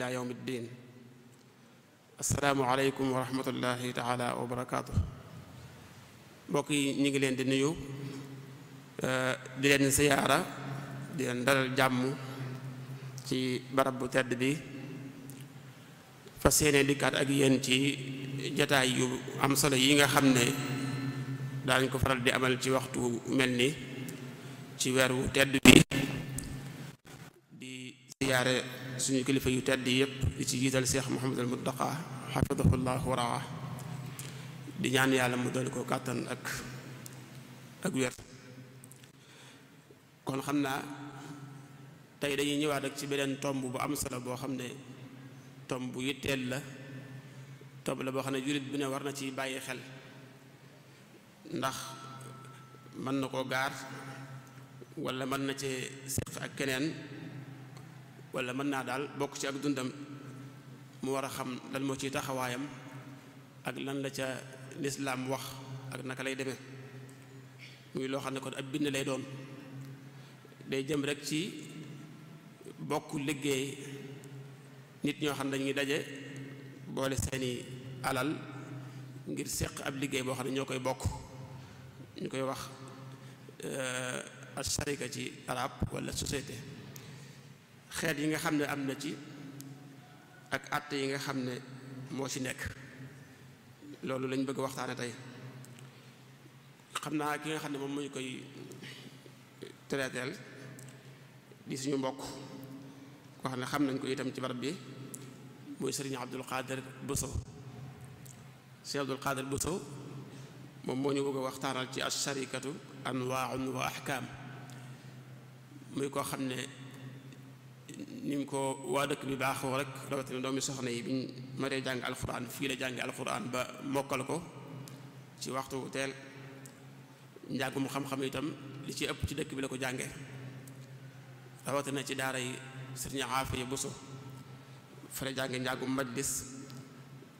ila yawmi ddin asalaamualeykum wa rahmatullahi taala wa barakaatu mbokk yi ñu ngi leen di nuyu eh, di leen siyaara di leen dalal jàmm ci barab bu tedd bi fa yéene dikkaat ak yéen ci jataay yu am solo yi nga xam ne daañ ko faral di amal ci waxtu mel ni ci weer wu tedd bi di siyaare suñu kilifa yu tedd yëpp di ci gisal seex Muhammadul Muntaqa xafidahullah waraa di ñaan yàlla mu doon ko kàttan ak ak wér kon xam naa tey dañuy ñëwaat ak ci beneen tomb bu am solo boo xam ne tomb bu yitteel la tomb la boo xam ne jullit bi ne war na ci bàyyi xel ndax mën na koo gaar wala mën na cee séq ak keneen wala mën naa daal bokk ci ak dundam mu war a xam lan moo ciy taxawaayam ak lan la ca lislaam wax ak naka lay demee muy loo xam ne kon ab bind lay doon day jëm rek ci bokk liggéey nit ñoo xam ne dañuy daje boole seeni alal ngir seq ab liggéey boo xam ne ñoo koy bokk ñu koy wax euh, asharika ci arab wala société xeet yi nga xam ne am na ci ak àtte yi nga xam ne moo ci nekk loolu lañ bëgg waxtaane tey xam naa ki nga xam ne moom muy koy traiteel di suñu mbokk koo xam ne xam nañ ko itam ci barab bi muy sëriñ Abdul Qadir Bousso sëriñ Abdul Qadir Bousso moom moo ñu bëgg a waxtaanal ci asharikatu anwaun wa ahkam muy koo xam ne ni mu ko waa dëkk bi baaxoo rek rawatina doomi soxna yi biñ maree jàng alxuraan fii la jàngi alxuraan ba mokkal ko ci waxtu teel njàngum xam-xam itam li ci ëpp ci dëkk bi la ko jànge rawatina ci daara yi sëriñ Aafiya Buso fa la jànge njàngum majlis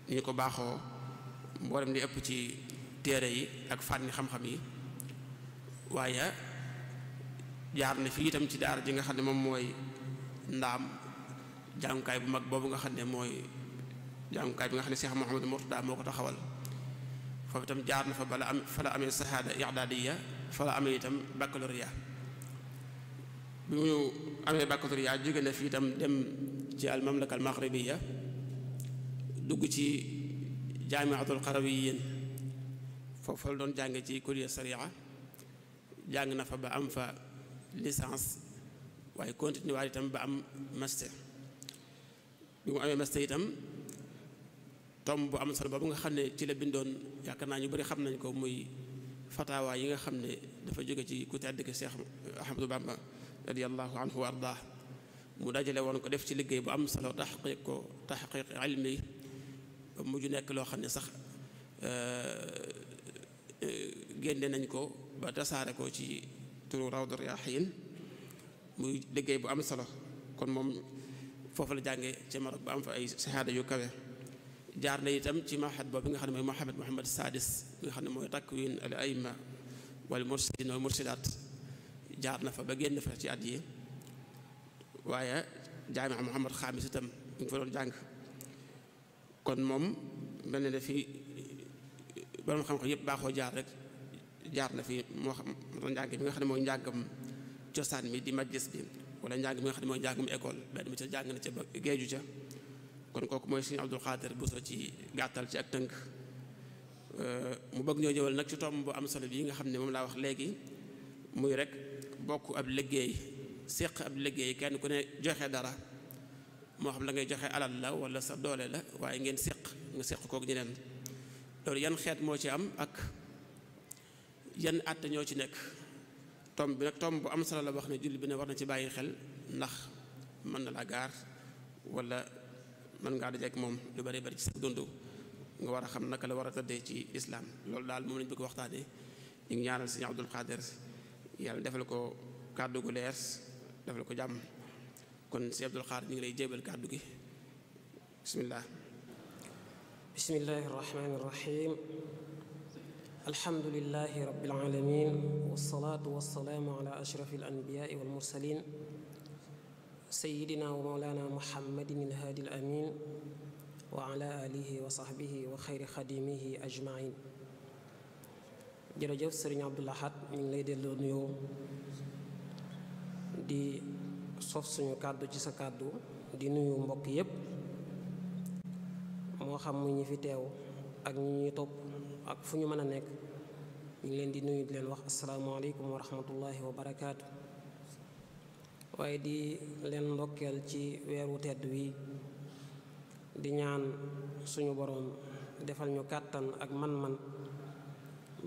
ni ko baaxoo mboolem li ëpp ci téere yi ak fànni xam-xam yi waaye jaar na fii itam ci daara ji nga xam ne moom mooy ndaam jàngukaay bu mag boobu nga xam ne mooy jàngukaay bi nga xam ne Cheikh Mouhamadou Mourtada moo ko taxawal foofu itam jaar na fa bala am fa la amee sahaada i'daadiya fa la amee itam baccalauréat bi mu ci al mamlaka al maghribiya ci jaamiatul qarawiyyin doon jànge ci kuliya sariya jàng na ba am fa licence waaye continué waat itam ba am master bi mu amee master itam tomb bu am solo boobu nga xam ne ci la bindoon yaakaar naa ñu bari xam nañ ko muy fatawaa yi nga xam ne dafa jóge ci ku tedd ki Cheikh Ahmadou Bamba radiyallahu anhu wa ardaa mu dajale woon ko def ci liggéey bu am solo taxqiq ko taxqiq ilmi ba mujj nekk loo xam ne sax euh, euh, génne nañ ko ba tasaare ko ci turu Rawdu Riyaahiin muy liggéey bu am solo kon moom foofu la jànge ci Maroc ba am fa ay sahaada yu kawe jaar na itam ci mahad boobu nga xam ne mooy Mohamed Mohamed Sadis nga xam ne mooy takwin al aima wal mursidin wal mursidaat jaar na fa ba génn fa ci at yi waaye jaamia Mohamed Xaamis itam ñu ngi doon jàng kon moom mel na ne xam-xam yëpp baaxoo jaar rek jaar na fi moo xam njàng mi nga xam ne mooy njàngam cosaan mi di majlis bi wala njàng mi nga xam ne mooy njàngum école benn bi ca jàng na ca ba géeju ca kon kooku mooy Sëriñ Abdul Xaadir Buso ci gàttal ci ak tënk euh, mu bëgg ñoo ñëwal nag ci tomb bu am solo bi nga xam ne moom laa wax léegi muy rek bokk ab liggéey séq ab liggéey kenn ku ne joxe dara moo xam la ngay joxe alal la wala sa doole la waaye ngeen séq nga séq kook ñeneen loolu yan xeet moo ci am ak yan àtte ñoo ci nekk tomb bi nag tomb bu am solo la wax ne julli bi ne war na ci bàyyi xel ndax mën na laa gaar wala mën ngaa dajeek moom lu bari bari ci sa dund nga war a xam naka la war a tëddee ci islaam loolu daal moom lañ bëgg waxtaane ñu ngi ñaanal sëñ Abdul Xaadir yàlla defal ko kàddu gu leer defal ko jàmm kon sëñ Abdul Xaadir ñu ngi lay jébal kàddu gi bismillah bismillahi alhamdulilahi rabbil alamin wasalaatu wasalaamu ala ashrafi wal mursalin sayidina wa mawlana muhammadin al haadi al amin wa ala alihi wa sahbihi wa xayri xadimihi ajmain jërëjëf sëriñ Abdul Ahad ñu ngi lay delloo nuyoo di sof suñu kàddu ci sa kàddu di nuyu mbokk yépp moo xam mu ñi fi teew ak ñi topp ak fu ñu mën a nekk ñu leen di nuyu di leen wax asalaamaaleykum wa rahmatullahi wa barakaatu waaye di leen ndokkeel ci weeru tedd wi di ñaan suñu boroom defal ñu kàttan ak man-man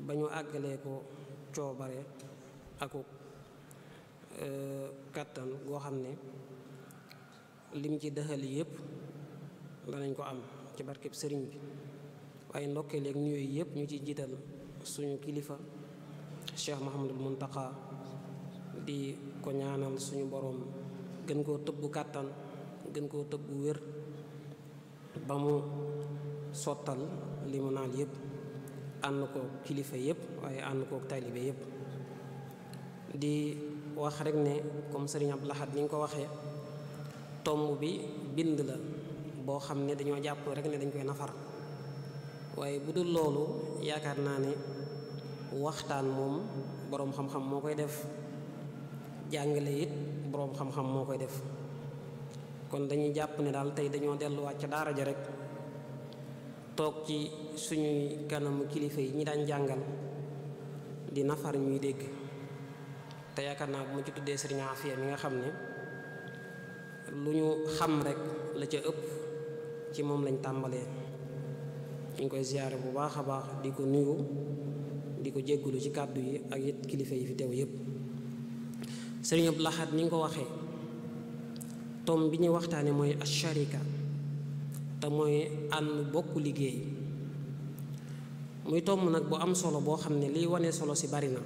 ba ñu àggalee ko coobare aku e, kàttan goo xam ne lim ci dëxali yépp danañ ko am ci barkeb sëriñ bi waaye ndokkeel ak ñooyu yëpp ñu ci jiital suñu kilifa Cheikh mun taxa di ko ñaanal suñu boroom gën koo tëbb kàttan gën koo tëbb wér ba mu sottal li mu yëpp ànd ko kilifa yëpp waaye ànd ko taalibe yëpp di wax rek ne comme sëriñ Abdou Lahad ni ko waxee tomb bi bind la boo xam ne dañoo jàpp rek ne dañ koy nafar waaye bu dul loolu yaakaar naa ne waxtaan moom boroom xam-xam moo koy def jàngale it boroom xam-xam moo koy def kon dañuy jàpp ne daal tey dañoo delluwaat ca daara ja rek toog ci suñuy kanamu kilifa yi ñi daan jàngal di nafar ñuy dégg te yaakaar naa bu ma ci tuddee sëriñ Afia mi nga xam ne lu ñu xam rek la ca ëpp ci moom lañ tàmbalee. ñu ngi koy ziyaare bu baax a baax di ko nuyu di ko jéggulu ci kàddu yi ak it kilifa yi fi teew yépp sëriñ Abdou Lahad ni nga ko waxee tom bi ñuy waxtaane mooy asharika te mooy ànd bokk liggéey muy tomm nag bu am solo boo xam ne liy wane solo si bari na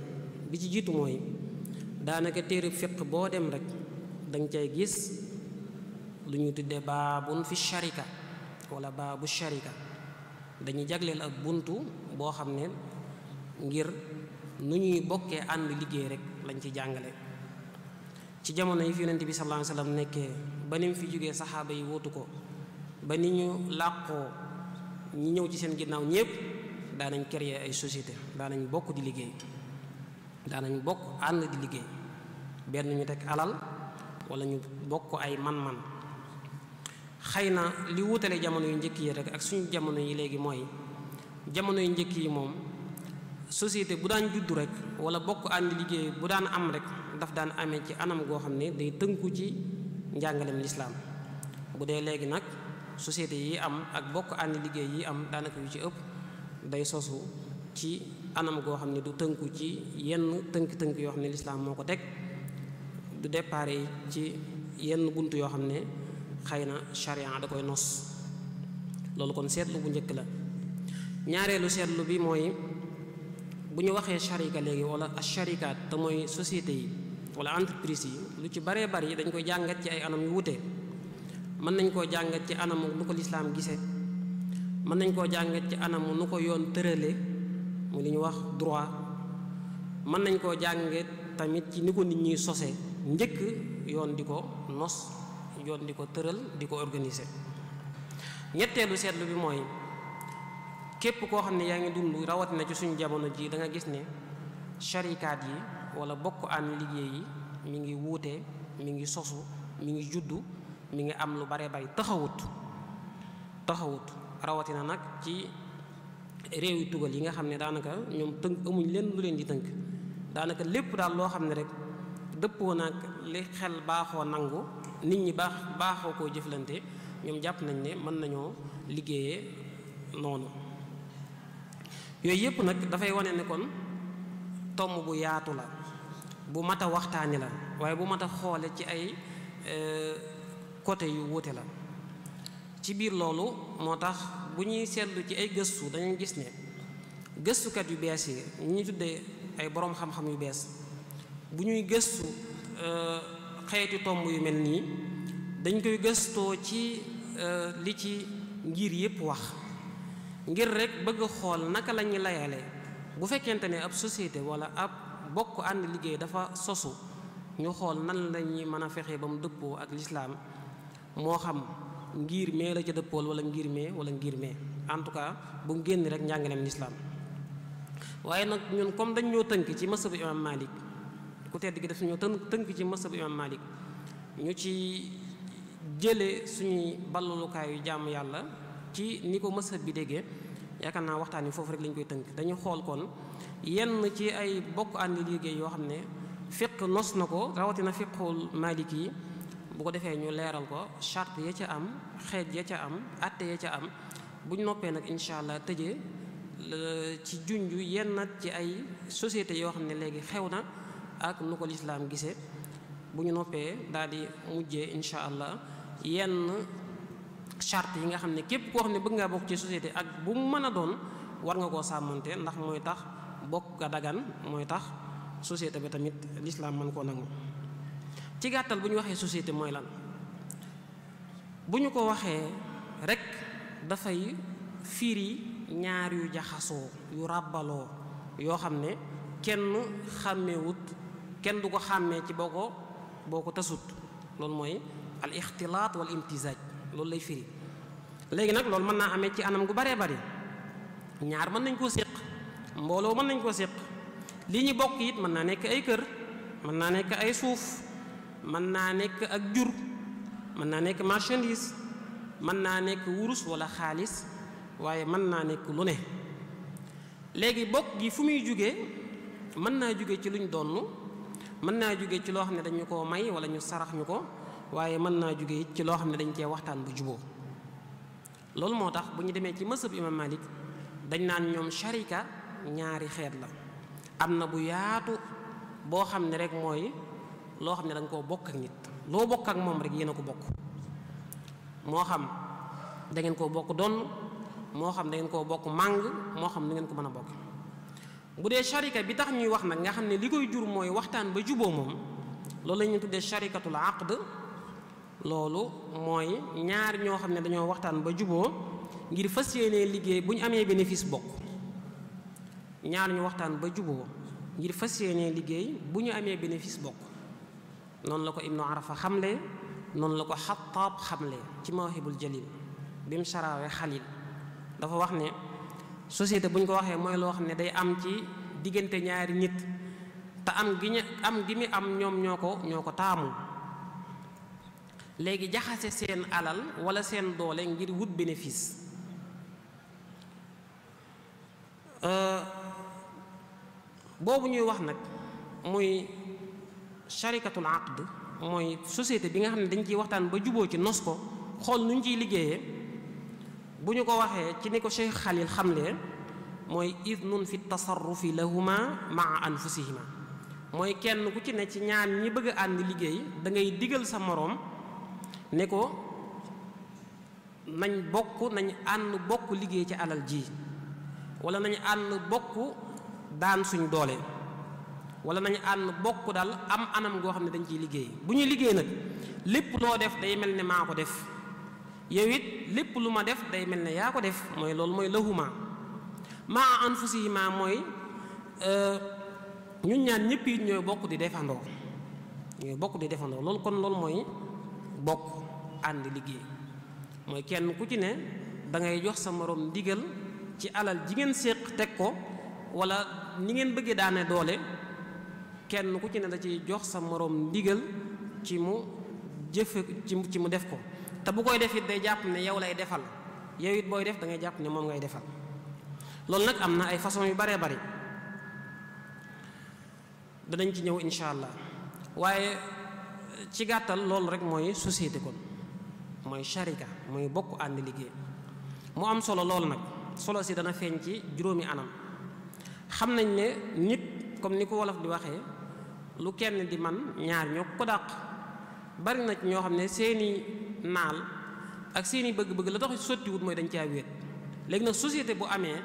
bi ci jiitu mooy daanaka téere fiq boo dem rek danga cay gis lu ñu tudde baabun fi sharika wala baabu sharika dañuy jagleel ak buntu boo xam ne ngir nu ñuy bokkee ànd liggéey rek lañ ci jàngale ci jamono yi fi yonent bi sallallahu alayhi nekkee ba ni mu fi saxaaba yi wootu ko ba ni ñu làqoo ñëw ci seen ginnaaw ñépp daanañ créer ay société daanañ bokk di liggéey daanañ bokk ànd di liggéey benn ñu teg alal wala ñu bokk ay man-man xëy na li wutale jamono yu njëkk yi rek ak suñu jamono yi léegi mooy jamono yu njëkk yi moom société bu daan juddu rek wala bokk ànd liggéey bu daan am rek daf daan amee ci anam goo xam ne day tënku ci njàngalem lislaam bu dee léegi nag société yi am ak bokk ànd liggéey yi am daanaka yu ci ëpp day sosu ci anam goo xam ne du tënku ci yenn tënk-tënk yoo xam ne lislaam moo ko teg du dépare ci yenn bunt yoo xam ne xëy na charia da koy nos loolu kon seetlu bu njëkk la ñaareelu seetlu bi mooy bu ñu waxee sharika léegi wala asharikaat te mooy société yi wala entreprise yi lu ci baree bari dañ koy jàngat ci ay anam yu wute mën nañ koo jàngat ci anam nu ko lislaam gise mën nañ koo jàngat ci anam nu ko yoon tërale mu li ñu wax droit mën nañ koo jàngat tamit ci ni ko nit ñuy sose njëkk yoon di ko nos yoon di ko tëral di ko organiser ñetteelu seetlu bi mooy képp koo xam ne yaa ngi dund rawatina ci suñu jamono ji da gis ne sharikaat yi wala bokk aan liggéey yi mi ngi wuute mi ngi sosu mi ngi juddu mi ngi am lu bare bari taxawut taxawut rawatina nag ci réew yu tugal yi nga xam ne daanaka ñoom tënk amuñ leen lu leen di tënk daanaka lépp daal loo xam ne rek dëppoo nag li xel baaxoo nangu nit ñi baax baaxoo koo jëflante ñoom jàpp nañ ne mën nañoo liggéeye noonu yooyu yëpp nag dafay wane ne kon tomb bu yaatu la bu mat a waxtaani la waaye bu mat a xoole ci ay e, côté yu wuute la ci biir loolu moo tax bu ñuy seetlu ci ay gëstu dañuy gis ne gëstukat yu bees yi ñu tuddee ay boroom xam-xam yu bees bu ñuy gëstu euh, xeeti tomb yu mel nii dañ koy gëstoo ci euh, li ci ngir yépp wax ngir rek bëgg xool naka la ñuy layale bu fekkente ne ab société wala ab bokk ànd liggéey dafa sosu ñu xool nan la ñuy mën a fexe ba mu dëppoo ak lislaam moo xam ngir mee la ca dëppool wala ngir mee wala ngir mee en tout cas bu mu génn rek njàngaleem lislaam waaye nag ñun comme dañ ñoo tënk ci mashabu imam malik ku tedd gi def suñu tënk tënk ci masab imam Malik ñu ci jële suñuy ballalukaayu jàmm yàlla ci ni ko masab bi déggee yaakaar naa waxtaan yi foofu rek lañ koy tënk dañu xool kon yenn ci ay bokk ànd liggéey yoo xam ne fiq nos na ko rawatina fiqul malik yi bu ko defee ñu leeral ko charte ya ca am xeet ya ca am atte ya ca am buñ noppee nag incha allah tëjee ci junj yenn ci ay société yoo xam ne léegi xew na ak nu ko lislaam gisee bu ñu noppee daal di mujjee incha allah yenn charte yi nga xam ne képp koo xam ne bëgg ngaa bokk ci société ak bu mën a doon war nga koo sàmmante ndax mooy tax bokk ga dagan mooy tax société bi tamit lislaam mën koo nangu ci gàttal bu ñu waxee société mooy lan bu ñu ko waxee rekk dafay firi ñaar yu jaxasoo yu ràbbaloo yoo xam ne kenn xàmmewut kenn du ko xàmmee ci boo ko boo ko tasut loolu mooy al ixtilaat wal loolu lay firi léegi nag loolu mën naa amee ci anam gu baree bari ñaar mën nañ koo séq mbooloo mën nañ koo séq li ñu bokk it mën naa nekk ay kër mën naa nekk ay suuf mën naa nekk ak jur mën naa nekk marchandise mën naa nekk wurus wala xaalis waaye mën naa nekk lu ne léegi bokk gi fu muy jóge mën naa jóge ci lu luñ donn mën naa jóge ci loo xam ne dañu ko may wala ñu sarax ñu ko waaye mën naa jóge ci loo xam ne dañu cee waxtaan bu juboo loolu moo tax bu ñu demee ci mësëb imam malik dañ naan ñoom sharika ñaari xeet la am na bu yaatu boo xam ne rek mooy loo xam ne dañ nga koo bokk ak nit loo bokk ak moom rek yéen a ko bokk moo xam dangeen ngeen koo bokk donn moo xam da koo bokk màng moo xam da ngeen ko mën a bokk bu dee sharika bi tax ñuy wax nag nga xam ne li koy jur mooy waxtaan ba juboo moom loolu la ñuy tuddee sharikatul aqd loolu mooy ñaar ñoo xam ne dañoo waxtaan ba juboo ngir fas yéenee liggéey bu ñu amee bénéfice bokk ñaar waxtaan ba juboo ngir fas yéenee liggéey bu ñu amee bénéfice bokk noonu la ko ibnu arafa xamle noonu la ko xataab xamle ci mawhibul jalil bi mu sarawee xalil dafa wax ne société bu ñu ko waxee mooy loo xam ne day am ci diggante ñaari nit te am gi ñu am gi mi am ñoom ñoo ko ñoo ko taamu léegi jaxase seen alal wala seen doole ngir wut bénéfice euh, boobu ñuy wax nag muy charikatul aqd mooy société bi nga xam ne dañ ciy waxtaan ba juboo ci nos ko xool nu ñu ciy liggéeyee bu ñu ko waxee ci ni ko Cheikh xam xamle mooy idnun fi tasarrufi lahuma maa anfusihima mooy kenn ku ci ne ci ñaan ñi bëgg ànd liggéey dangay ngay digal sa moroom ne ko nañ bokk nañ ànd bokk liggéey ci alal ji wala nañ ànd bokk daan suñ doole wala nañ ànd bokk daal am anam goo xam ne dañ ciy liggéey bu ñuy liggéey nag lépp loo def day mel ne maa ko def yow it lépp lu ma def day mel ne yaa ko def mooy loolu mooy lahuma maa anfusihima mooy euh, ñun ñaan ñëpp it ñooy bokk di defandoo ñooy bokk di defandoo loolu kon loolu mooy bokk ànd liggéey mooy kenn ku ci ne da ngay jox sa morom ndigal ci alal ji ngeen séq teg ko wala ni ngeen bëggee daane doole kenn ku ci ne da ci jox sa morom ndigal ci mu jëfe ci mu def ko te bu koy def it day jàpp ne yow lay defal yow it booy def da ngay jàpp ne moom ngay defal loolu nag am na ay façon yu baree bari danañ ci ñëw incha allah waaye ci gàttal loolu rek mooy société kon mooy sharika mooy bokk ànd liggéey mu am solo loolu nag solo si dana feeñ ci juróomi anam xam nañ ne nit comme ni ko wolof di waxee lu kenn di man ñaar ñoo ko dàq bari na ñoo xam ne seeni naal ak seeni bëgg-bëgg la tax sottiwut mooy dañ caa wéet léegi nag société bu amee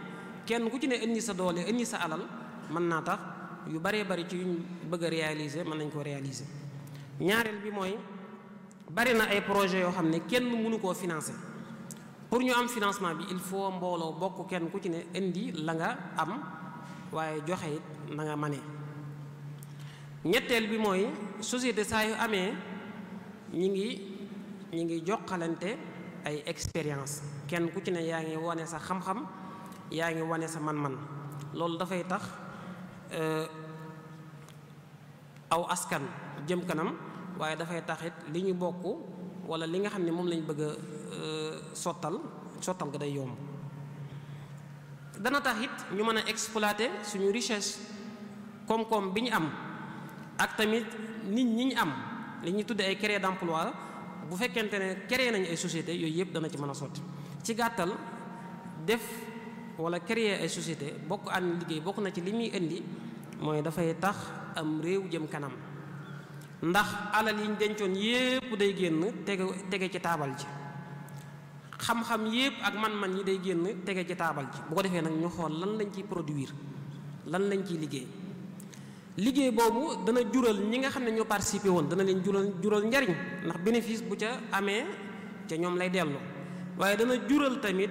kenn ku ci ne indi sa doole indi sa alal mën naa tax yu baree bari ci yuñ bëgg a réaliser mën nañ koo réaliser ñaareel bi mooy bari na ay projet yoo xam ne kenn mënu koo financé pour ñu am financement bi il faut mbooloo bokk kenn ku ci ne indi la nga am waaye joxe it na nga manee ñetteel bi mooy société saa yu amee ñi ngi ñi ngi joxalante ay expérience kenn ku ci ne yaa ngi wane sa xam-xam yaa ngi wane sa man-man loolu dafay tax euh, aw askan jëm kanam waaye dafay taxit li ñu bokk wala li nga xam ne moom lañu bëgg a euh, sottal sottal ga day yomb dana tax it ñu mën a exploiter suñu richesse koom-koom bi ñu am ak tamit nit ñi ñu am li ñuy tudde ay créer d'emploi bu fekkente ne créé nañu ay société yooyu yëpp dana ci mën a sotti ci gàttal def wala créer ay société bokk ànd liggéey bokk na ci li muy indi mooy dafay tax am réew jëm kanam ndax alal yi ñu dencoon yépp day génn tege tege ci taabal ji xam-xam yépp ak man-man yi day génn tege ci taabal ji bu ko defee nag ñu xool lan lañ ciy produir lan lañ ciy liggéey liggéey boobu dana jural ñi nga xam ne ñoo participé woon dana leen jural jural njariñ ndax bénéfice bu ca amee ca ñoom lay dellu waaye dana jural tamit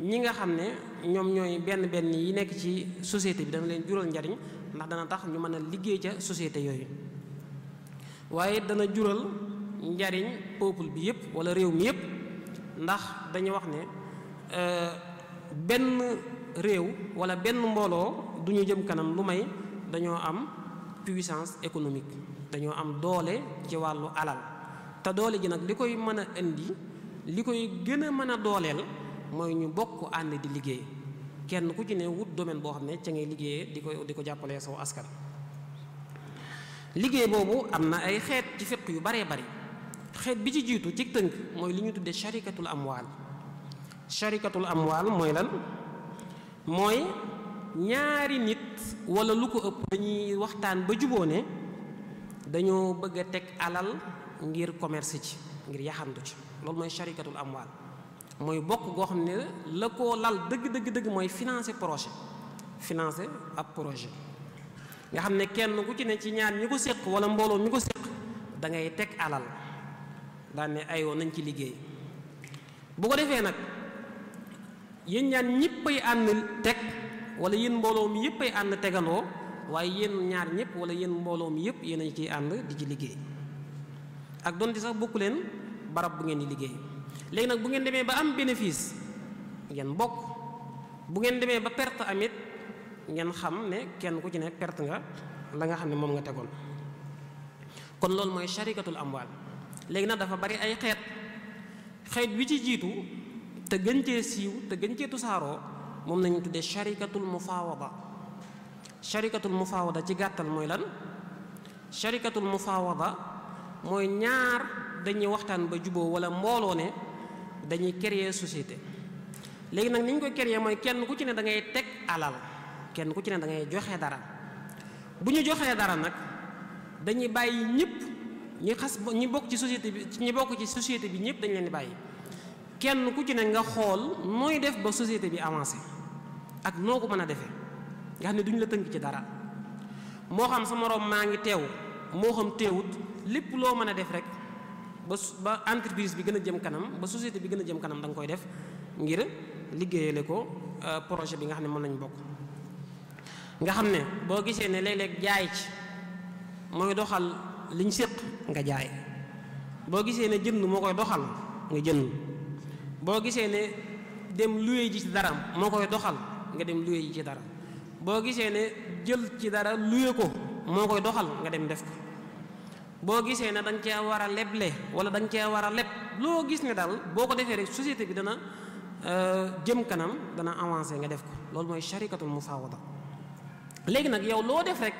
ñi nga xam ne ñoom ñooy benn benn yi nekk ci société bi dana leen jural njariñ ndax dana tax ñu mën a liggéey ca société yooyu waaye dana jural njariñ peuple bi yëpp wala réew mi yëpp ndax dañu wax ne euh, benn réew wala benn mbooloo du ñu jëm kanam lu may dañoo am puissance économique dañoo am doole ci wàllu alal te doole ji nag li koy mën a indi li koy gën a mën a dooleel mooy ñu bokk ànd di liggéey kenn ku ci ne wut domaine boo xam ne ca ngay liggéeyee di ko di ko jàppalee saw askan. liggéey boobu am na ay xeet ci fiq yu baree bari xeet bi ci jiitu ci tënk mooy li ñu tuddee charikatul amwaal charikatul amwaal mooy lan mooy ñaari nit. wala lu ko ëpp dañuy waxtaan ba juboo ne dañoo bëgg a teg alal ngir commerce ci ngir yaxantu ci loolu mooy charikatul amwaal mooy bokk goo xam ne la koo lal dëgg dëgg dëgg mooy financer projet financer ak projet nga xam ne kenn ku ci ne ci ñaar ñi ko séq wala mbooloo mi ko séq da ngay teg alal daan ne ayoo nañ ci liggéey bu ko defee nag yéen ñaan ñëppay ànd teg wala yéen mbooloo mi yëpp ay ànd tegandoo waaye yéen ñaar ñëpp wala yéen mbooloo mi yëpp yéen a ciy ànd di ci liggéey ak donte sax bokku leen barab bu ngeen di liggéey léegi nag bu ngeen demee ba am bénéfice ngeen bokk bu ngeen demee ba perte amit ngeen xam ne kenn ku ci ne perte nga la nga xam ne moom nga tegoon kon loolu mooy charikatul amwaal léegi nag dafa bari ay xeet xeet bi ci jiitu te gën cee siiw te gën cee tusaaroo moom nañu tuddee sharikatul mufaawada sharikatul mufaawada ci gàttal mooy lan sharikatul mufaawada mooy ñaar dañuy waxtaan ba juboo wala mbooloo ne dañuy créer société léegi nag ni ñu ko créer mooy kenn ku ci ne da ngay teg alal kenn ku ci ne da ngay joxe dara bu ñu joxee dara nag dañuy bàyyi ñëpp ñi xas ñi bokk ci société bi ñi bokk ci société bi ñëpp dañ leen di bàyyi kenn ku ci ne nga xool mooy def ba société bi avancé ak noo ko mën a defee nga xam ne duñu la tënk ci dara moo xam sa moroom maa ngi teew moo xam teewut lépp loo mën a def rek ba ba entreprise bi gën a jëm kanam ba société bi gën a jëm kanam da nga koy def ngir liggéeyale ko euh, projet bi nga xam ne mën nañu bokk nga xam ne boo gisee ne léeg-léeg jaay ci mooy doxal liñ séq nga jaay boo gisee ne jënd moo koy doxal nga jënd boo gisee ne dem luye ji ci dara moo koy doxal nga dem luye yi ci dara boo gisee ne jël ci dara luye ko moo koy doxal nga dem def ko boo gisee ne danga cee war a leble wala danga cee war a leb loo gis ne daal boo ko defee rek société bi dana euh, jëm kanam dana avancé nga def ko loolu mooy sharikatul mufaawada léegi nag yow loo def rek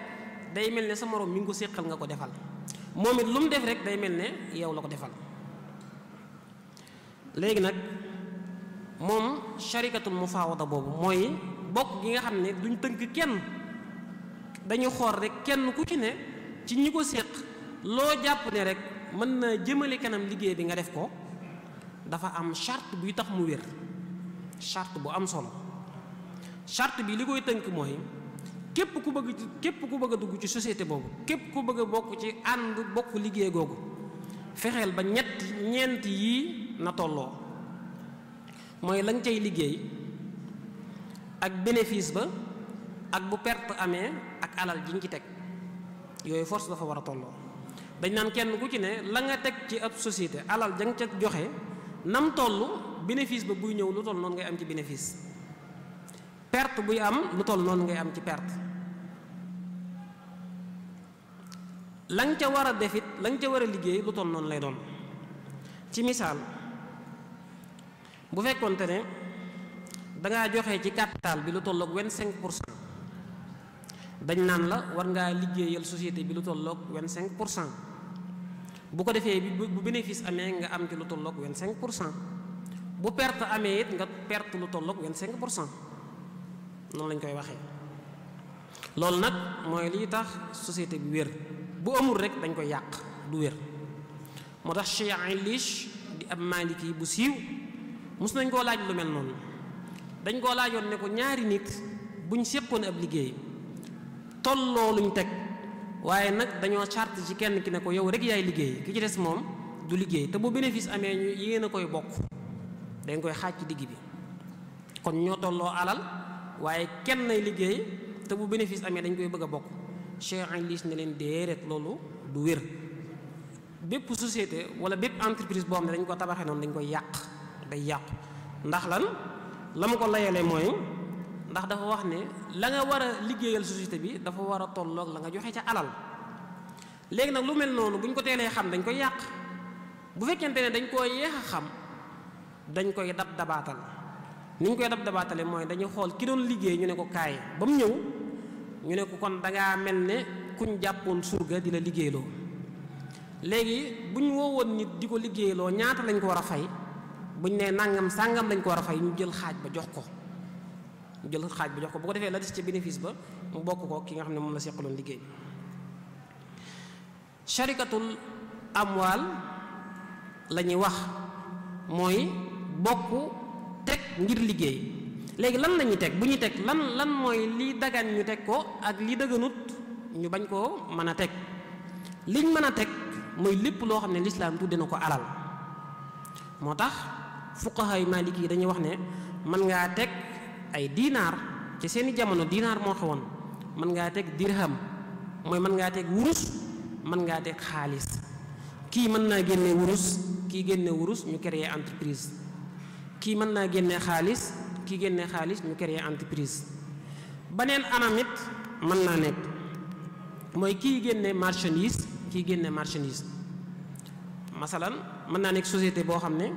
day mel ne sa moroom mi ngi ko séqal nga ko defal moom it lu mu def rek day mel ne yow la ko defal léegi nag moom sharikatul mufaawada boobu mooy bokk gi nga xam ne duñ tënk kenn dañu xool rek kenn ku ci ne ci ñi ko séq loo jàpp ne rek mën na jëmale kanam liggéey bi nga def ko dafa am charte buy tax mu wér charte bu am solo charte bi li koy tënk mooy képp ku bëgg képp ku bëgg a dugg ci société boobu képp ku bëgg a bokk ci ànd bokk liggéey googu fexeel ba ñett ñeent yi na tolloo mooy lañ cay liggéey ak bénéfice ba ak bu perte amee ak alal jiñ ci teg yooyu force dafa war a tolloo dañ naan kenn ku ci ne la nga teg ci ab société alal ja ca joxe nam toll bénéfice ba buy ñëw lu toll noonu ngay am ci bénéfice perte buy am lu toll noonu ngay am ci perte la ca war a def it nga ca war a liggéey lu toll noonu lay doon ci misaal bu fekkonte ne dangaa joxe ci capital bi lu tolloog vingt-cinq pour cent dañ naan la war ngaa liggéeyal société bi lu tolloog vingt-cinq pour cent bu ko defee bu bénéfice amee nga am ci lu tolloog vingt pour cent bu perte amee it nga perte lu tolloog vingt pour sent noonu lañ koy waxee loolu nag mooy lii tax société bi wér bu amul rek dañ koy yàq du wér moo tax Cheikh English di ab Maliki bu siiw mus nañ koo laaj lu mel noonu dañ koo laajoon ne ko ñaari nit buñ séqoon ab liggéey tolloo luñ teg waaye nag dañoo chart ci kenn ki ne ko yow rek yaay liggéey ki ci des moom du liggéey te bu bénéfice amee ñu yéen a koy bokk dañ koy xaaj ci digg bi kon ñoo tolloo alal waaye kenn nay liggéey te bu bénéfice amee dañ koy bëgg a bokk Cheikh Anglish ne leen déedéet loolu du wér bépp société wala bépp entreprise boo xam ne dañ ko tabaxee noonu dañ koy yàq day yàqu ndax lan la ma ko layalee mooy ndax dafa wax ne la nga war a liggéeyal société bi dafa war a tolloog la nga joxe ca alal léegi nag lu mel noonu bu ñu ko teelee xam dañ koy yàq bu fekkente ne dañ koo yeex a xam dañ koy dab dabaatal ni ñu koy dab dabaatale mooy dañuy xool ki doon liggéey ñu ne ko kaay ba mu ñëw ñu ne ko kon dangaa mel ne kuñ jàppoon surga di la liggéeyloo léegi bu ñu woowoon nit di ko liggéeyloo ñaata lañ ko war a fay bu buñ nee nangam sàngam lañ ko war a ñu jël xaaj ba jox ko ñu jël xaaj ba jox ko bu ko defee la des ca bénéfice ba mu bokk ko ki nga xam ne moom la seqaloon liggéey sharikatul amwaal la ñuy wax mooy bokk teg ngir liggéey léegi lan la ñuy teg bu ñuy teg lan lan mooy li dagan ñu teg ko ak li dëgganut ñu bañ koo mën a teg liñ mën a teg mooy lépp loo xam ne lislaam tudde na ko alal moo tax fuqaha yu maliki yi dañuy wax ne mën ngaa teg ay dinaar ci seeni jamono dinaar moo xewoon mën ngaa teg dirham mooy mën ngaa teg wurus mën ngaa teg xaalis kii mën naa génne wurus kii génne wurus ñu créer entreprise kii mën naa génne xaalis kii génne xaalis ñu créer entreprise beneen anam it mën naa nekk mooy kii génne marchandise kii génne marchandise masalan mën naa nekk société boo xam ne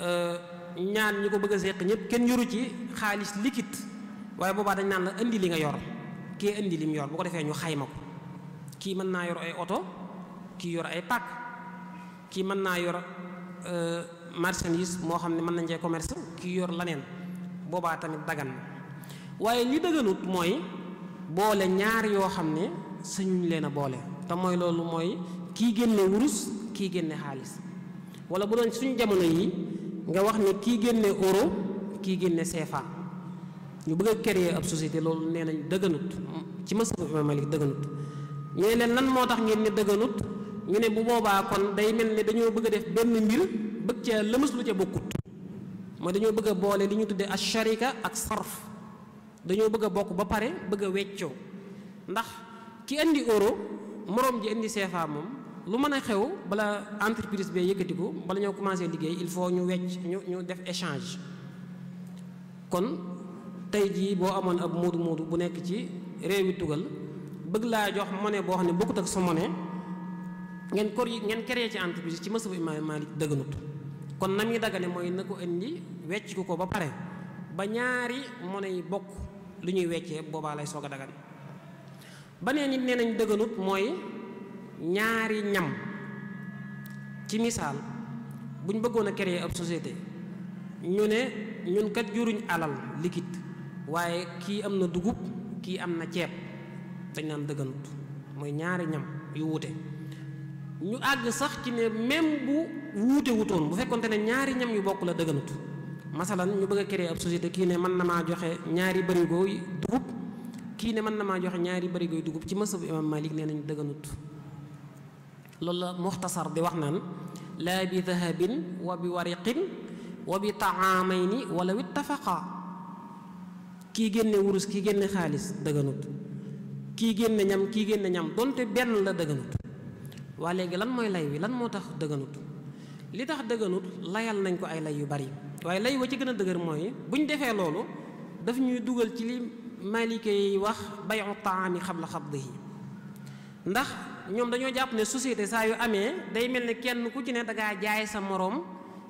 Euh, ñaan ñi ko bëgg a seq ñëpp kenn yoru ci xaalis liquide waaye boobaa dañ naan la indi li nga yor kii indi lim mu yor bu ko defee ñu xayma ko kii mën naa yor ay oto kii yor ay pàkk kii mën naa yor euh, marchandise moo xam ne mën nañ cee commerce kii yor laneen boobaa tamit dagan na waaye li dëgganut mooy boole ñaar yoo xam ne sañuñ leen a boole te mooy loolu mooy kii génne wurus kii génne xaalis wala bu doon suñ jamono yi nga wax ne kii génne euro kii génne CFA ñu bëgg a créer ab société loolu nee nañ dëgganut ci masabu Imam Malik dëgganut ñu ne leen nan moo tax ngeen ne dëgganut ñu ne bu boobaa kon day mel ni dañoo bëgg def benn mbir bëgg ca lëmas lu ca bokkut mooy dañoo bëgg a boole li ñu tuddee as sharika ak sarf dañoo bëgg a bokk ba pare bëgg a weccoo ndax ki indi euro moroom ji indi CFA moom lu mën a xew bala entreprise bee yëkkatiku bala ñoo commencé liggéey il faut ñu wecc ñu ñu def échange kon tey jii boo amoon ab moodu moodu bu nekk ci réew yi tugal bëgg laa jox ne boo xam ne bokkut ak sa monnaie ngeen kor ngeen créé ci entreprise ci ma imaam Maalik dëgganut kon na muy dagane mooy na ko indi wecc ko ko ba pare ba ñaari monnaie yi bokk lu ñuy weccee boobaa lay soog a dagan baneen it nee nañ dëgganut mooy ñaari ñam ci misaal bu ñu bëggoon a créer ab société ñu ne ñun kat juruñ alal liquide waaye kii am na dugub kii am na ceeb dañ naan dëgganut mooy ñaari ñam yu wuute ñu àgg sax ci ne même bu wuute wutoon bu fekkonte ne ñaari ñam yu bokk la dëgganut masalan ñu bëgg a créer ab société kii ne mën na maa joxe ñaari bërigo dugub kii ne mën na maa joxe ñaari bërigo dugub ci mësabu imam Malik nee nañ dëgganut loolu la muxtasar di wax naan laa bi dahabin wa bi wariqin wa bi taamayni wala wi tafaqa kii génne wurus kii génne xaalis dëgganut kii génne ñam kii génne ñam donte benn la dëgganut waa léegi lan mooy lay wi lan moo tax dëgganut li tax dëgganut layal nañ ko ay lay yu bari waaye lay wa ci gën a dëgër mooy bu ñu defee loolu daf ñuy dugal ci li malike yi wax bayu taami xabla xabdihi ndax ñoom dañoo jàpp ne société saa yu amee day mel ne kenn ku ci ne dangaa jaay sa moroom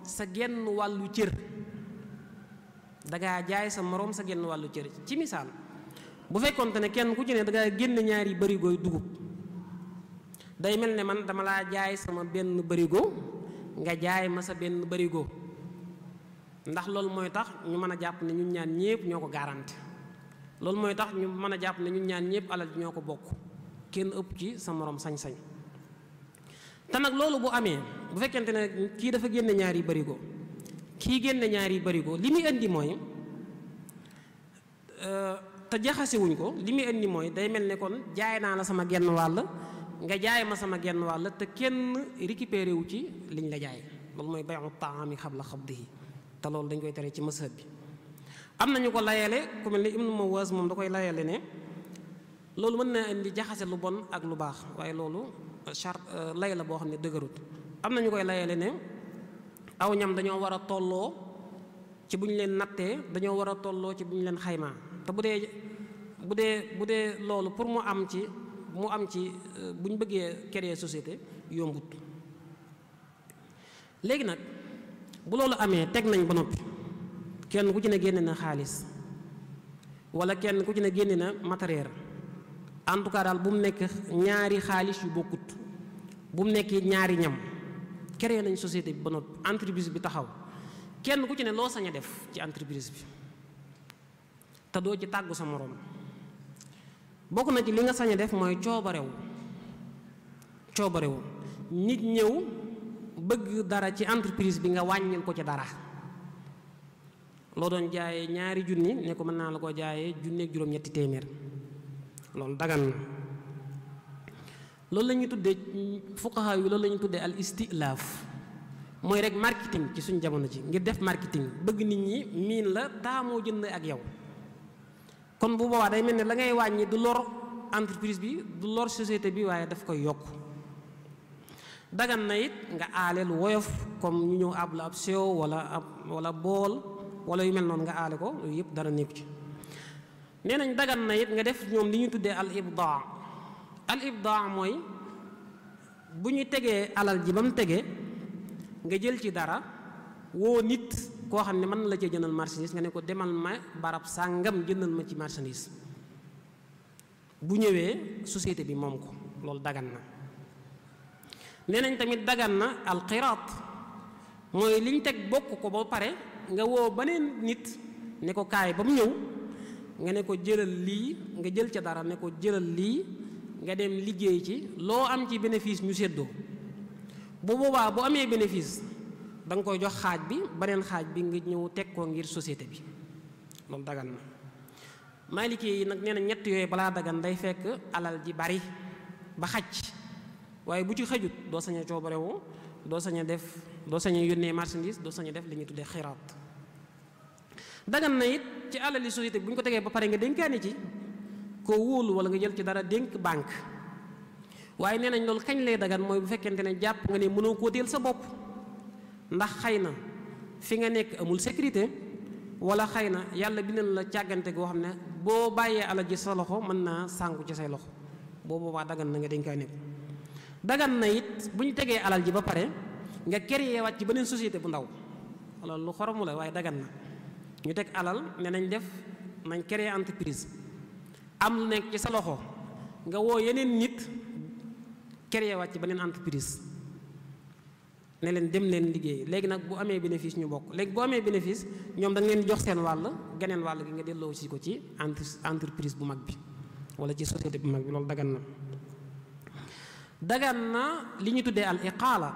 sa genn wàllu cër dangaa jaay sa moroom sa genn wàllu cër ci misaal bu fekkonte ne kenn ku ci ne dangaa génn ñaari bërigooy dugub day mel ne man dama laa jaay sama benn barigo nga jaay ma sa benn bërigo ndax loolu mooy tax ñu mën a jàpp ne ñun ñaan ñépp ñoo ko garanti loolu mooy tax ñu mën a jàpp ne ñun ñaan ñépp alal ñoo ko bokk kenn ëpp ci sa morom sañ-sañ te nag loolu bu amee bu fekkente ne kii dafa génne ñaari barigo kii génne ñaari barigo li muy indi mooy euh, te jaxasewuñ ko li muy indi mooy day mel nekkoon jaay naa la sama genn wàll nga jaay ma sama genn wàll te kenn récupéré wu ci liñ la jaay loolu mooy bayu taami xabla xabdihi te loolu dañ koy tere ci mësëb bi am nañu ko layale ku mel ne Ibnu Mawaas moom da koy layale ne loolu mën na indi jaxase lu bon ak lu baax waaye loolu euh, char euh, lay la boo xam ne dëgërut am nañu koy layale ne aw ñam dañoo war a tolloo ci bu ñu leen nattee dañoo war a tolloo ci bu ñu leen xaymaa te bu dee bu dee bu dee loolu pour mu am ci mu am ci euh, bu ñu bëggee créer société yombut léegi nag bu loolu amee teg nañ ba noppi kenn ku ci ne génne na xaalis wala kenn ku ci ne génne na matériel en tout bu mu nekk ñaari xaalis yu bokkut bu mu ñaari ñam créé nañ société bi ba noppi entreprise bi taxaw kenn ku ci ne loo sañ a def ci entreprise bi te doo ci tàggu sa moroom bokk na ci li nga sañ a def mooy coobarewu coobarewu nit ñëw bëgg dara ci entreprise bi nga wàññil ko ci dara loo doon jaayee ñaari junni ne ko mën naa la ko jaayee junneeg juróom-ñetti téeméer loolu dagan na loolu lañuy tuddee fuqaha yi loolu la ñuy tuddee al istilaaf mooy rek marketing ci suñu jamono ji ngir def marketing bëgg nit ñi miin la taamoo jënd ak yow kon bu boobaa day mel ne la ngay wàññi du lor entreprise bi du lor société bi waaye daf koy yokk dagan na it nga aale lu woyof comme ñu ñëw ab la ab sew wala ab wala bool wala yu mel noonu nga aale ko yooyu yëpp dara nekku ci nee nañ dagan na it nga def ñoom li ñu tuddee al ibdaa al ibdaa mooy bu ñu tegee alal ji ba mu tegee nga jël ci dara woo nit koo xam ne mën na la cee jëndal marchandise nga ne ko demal ma barab sàngam jëndal ma ci marchandise bu ñëwee société bi moom ko loolu dagan na nee nañ tamit dagan na alxiraat mooy liñ teg bokk ko ba pare nga woo beneen nit ne ko kaay ba mu ñëw nga ne ko jëlal lii nga jël ca dara ne ko jëlal lii nga dem liggéey ci loo am ci bénéfice ñu séddoo bu boobaa bu amee bénéfice danga koy jox xaaj bi beneen xaaj bi nga ñëw teg ko ngir société bi loolu dagan na maaliki yi nag nee na ñett yooyu balaa dagan day fekk alal ji bari ba xaj waaye bu ci xajut doo sañ a coobarewu doo sañ def doo sañ a yónnee marchandise doo sañ def li ñuy tuddee xiraat dagan na it ci alali société bi bu ñu ko tegee ba pare nga dénkaane ci koo wóolu wala nga jël ci dara dénk banque waaye nee nañ loolu kañ lay dagan mooy bu fekkente ne jàpp nga ne mënoo koo teel sa bopp ndax xëy na fi nga nekk amul sécurité wala xëy na yàlla bindal la càggante goo xam ne boo bàyyee alal ji sa loxo mën naa sànku ci say loxo boo boobaa dagan na nga dénkaane ko dagan na it bu ñu tegee alal ji ba pare nga créé waat ci beneen société bu ndaw loolu lu xoromu la waaye dagan na ñu teg alal ne nañ def nañ créer entreprise am lu nekk ci sa loxo nga woo yeneen nit créer waat ci beneen entreprise ne leen dem leen liggéey léegi nag bu amee bénéfice ñu bokk léegi bu amee bénéfice ñoom da leen jox seen wàll geneen wàll gi nga delloo ci ko ci entreprise bu mag bi wala ci société bu mag bi loolu dagan na dagan na li ñu tuddee al xaala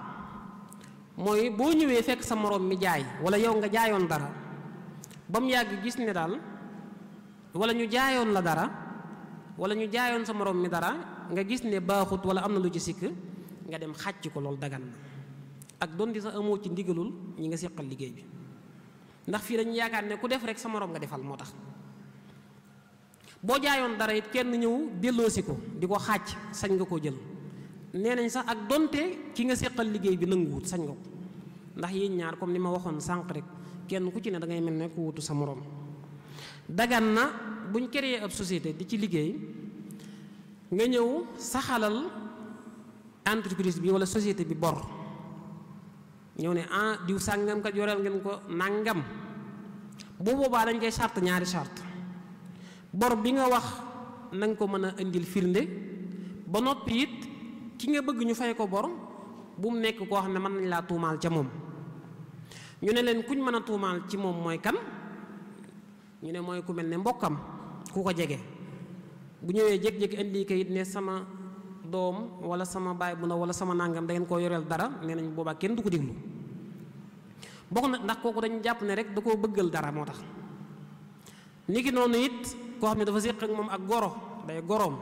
mooy boo ñëwee fekk sa moroom mi jaay wala yow nga jaayoon dara ba mu yàgg gis ne daal walla ñu jaayoon la dara wala ñu jaayoon sa morom mi dara nga gis ne baaxut wala am na lu ci sikk nga dem xàcc ko loolu dagan na ak doon di amoo ci ndigalul ñi nga seqal liggéey bi ndax fii dañu yaakaar ne ku def rek sa moroom nga defal moo tax boo jaayoon dara it kenn ñëw delloosi ko di ko xàcc sañ nga koo jël nee nañ sax ak donte ki nga seqal liggéey bi nanguwut sañ nga ko ndax yéen ñaar comme ni ma waxoon sànq rek kenn ku ci ne da ngay mel ne ku wutu sa moroom dagan na buñ créer ab société di ci liggéey nga ñëw saxalal entreprise bi wala société bi bor ñëw ne ah diw sàngam kat yoreel ngeen ko nàngam boo boobaa dañ koy charte ñaari charte bor bi nga wax na ko mën a indil firnde ba noppi it ki nga bëgg ñu fay ko bor bu mu nekk koo xam ne mën nañ laa tuumaal ca moom ñu ne leen kuñ mën a tuumaal ci moom mooy kan ñu ne mooy ku mel ne mbokkam ku ko jege bu ñëwee jékki-jékki indi kayit ne sama doom wala sama baay bu wala sama nangam da koo yoreel dara nee nañ boobaa kenn du ko déglu bokk na ndax kooku dañu jàpp ne rek da koo bëggal dara moo tax ki noonu it koo xam ne dafa séq ak moom ak goro day goroom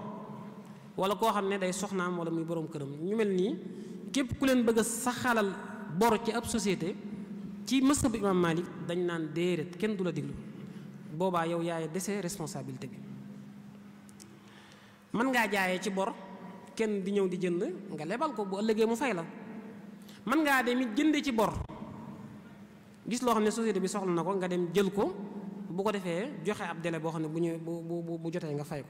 walla koo xam ne day soxnaam wala muy boroom këram ñu mel nii képp ku leen bëgg a saxalal bor ci ab société ci mësa bu imaam Malik dañ naan déedéet kenn du la diglu boobaa yow yaay dese responsabilité bi mën ngaa jaayee ci bor kenn di ñëw di jënd nga lebal ko bu ëllëgee mu fay la mën ngaa dem it jënde ci bor gis loo xam ne société bi soxla na ko nga dem jël ko bu ko defee joxe ab dele boo xam ne bu ñu bu bu bu jotee nga fay ko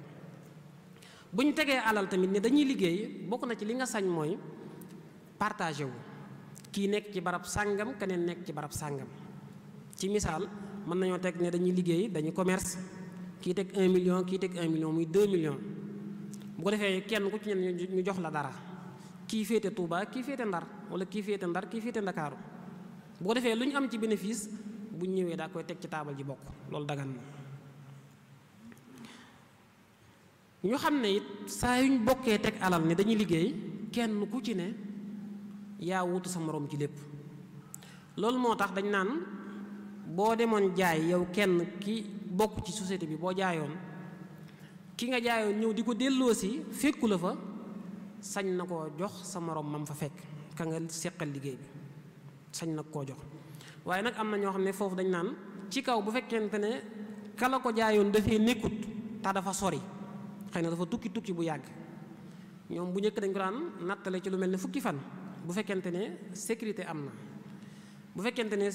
bu tegee alal tamit ne dañuy liggéey bokk na ci li nga sañ mooy partagé wu kii nekk ci barab sàngam keneen nekk ci barab sàngam ci misaal mën nañoo teg ne dañuy liggéey dañuy commerce kii teg 1 million kii teg 1 million muy 2 million bu ko defee kenn ku ci ñen ñu jox la dara kii féete Touba kii féete Ndar wala kii féete Ndar kii féete Ndakaaru bu ko defee lu ñu am ci bénéfice bu ñëwee daa koy teg ci taabal ji bokk loolu dagan na ñu xam ne it saa yu ñu bokkee teg alal ne dañuy liggéey kenn ku ci ne yaa wuutu sa moroom ci lépp loolu moo tax dañ naan boo demoon jaay yow kenn ki bokk ci société bi boo jaayoon ki nga jaayoon ñëw di ko delloo si fekku la fa sañ na ko jox sa moroom mam fa fekk ka nga seqal liggéey bi sañ na koo jox waaye nag am na ñoo xam ne foofu dañ naan ci kaw bu fekkente ne kala ko jaayoon dafay nekkut te dafa sori xëy na dafa tukki tukki bu yàgg ñoom bu njëkk dañ ko daan nattale ci lu mel ne fukki fan bu fekkente ne sécurité am na bu fekkente ne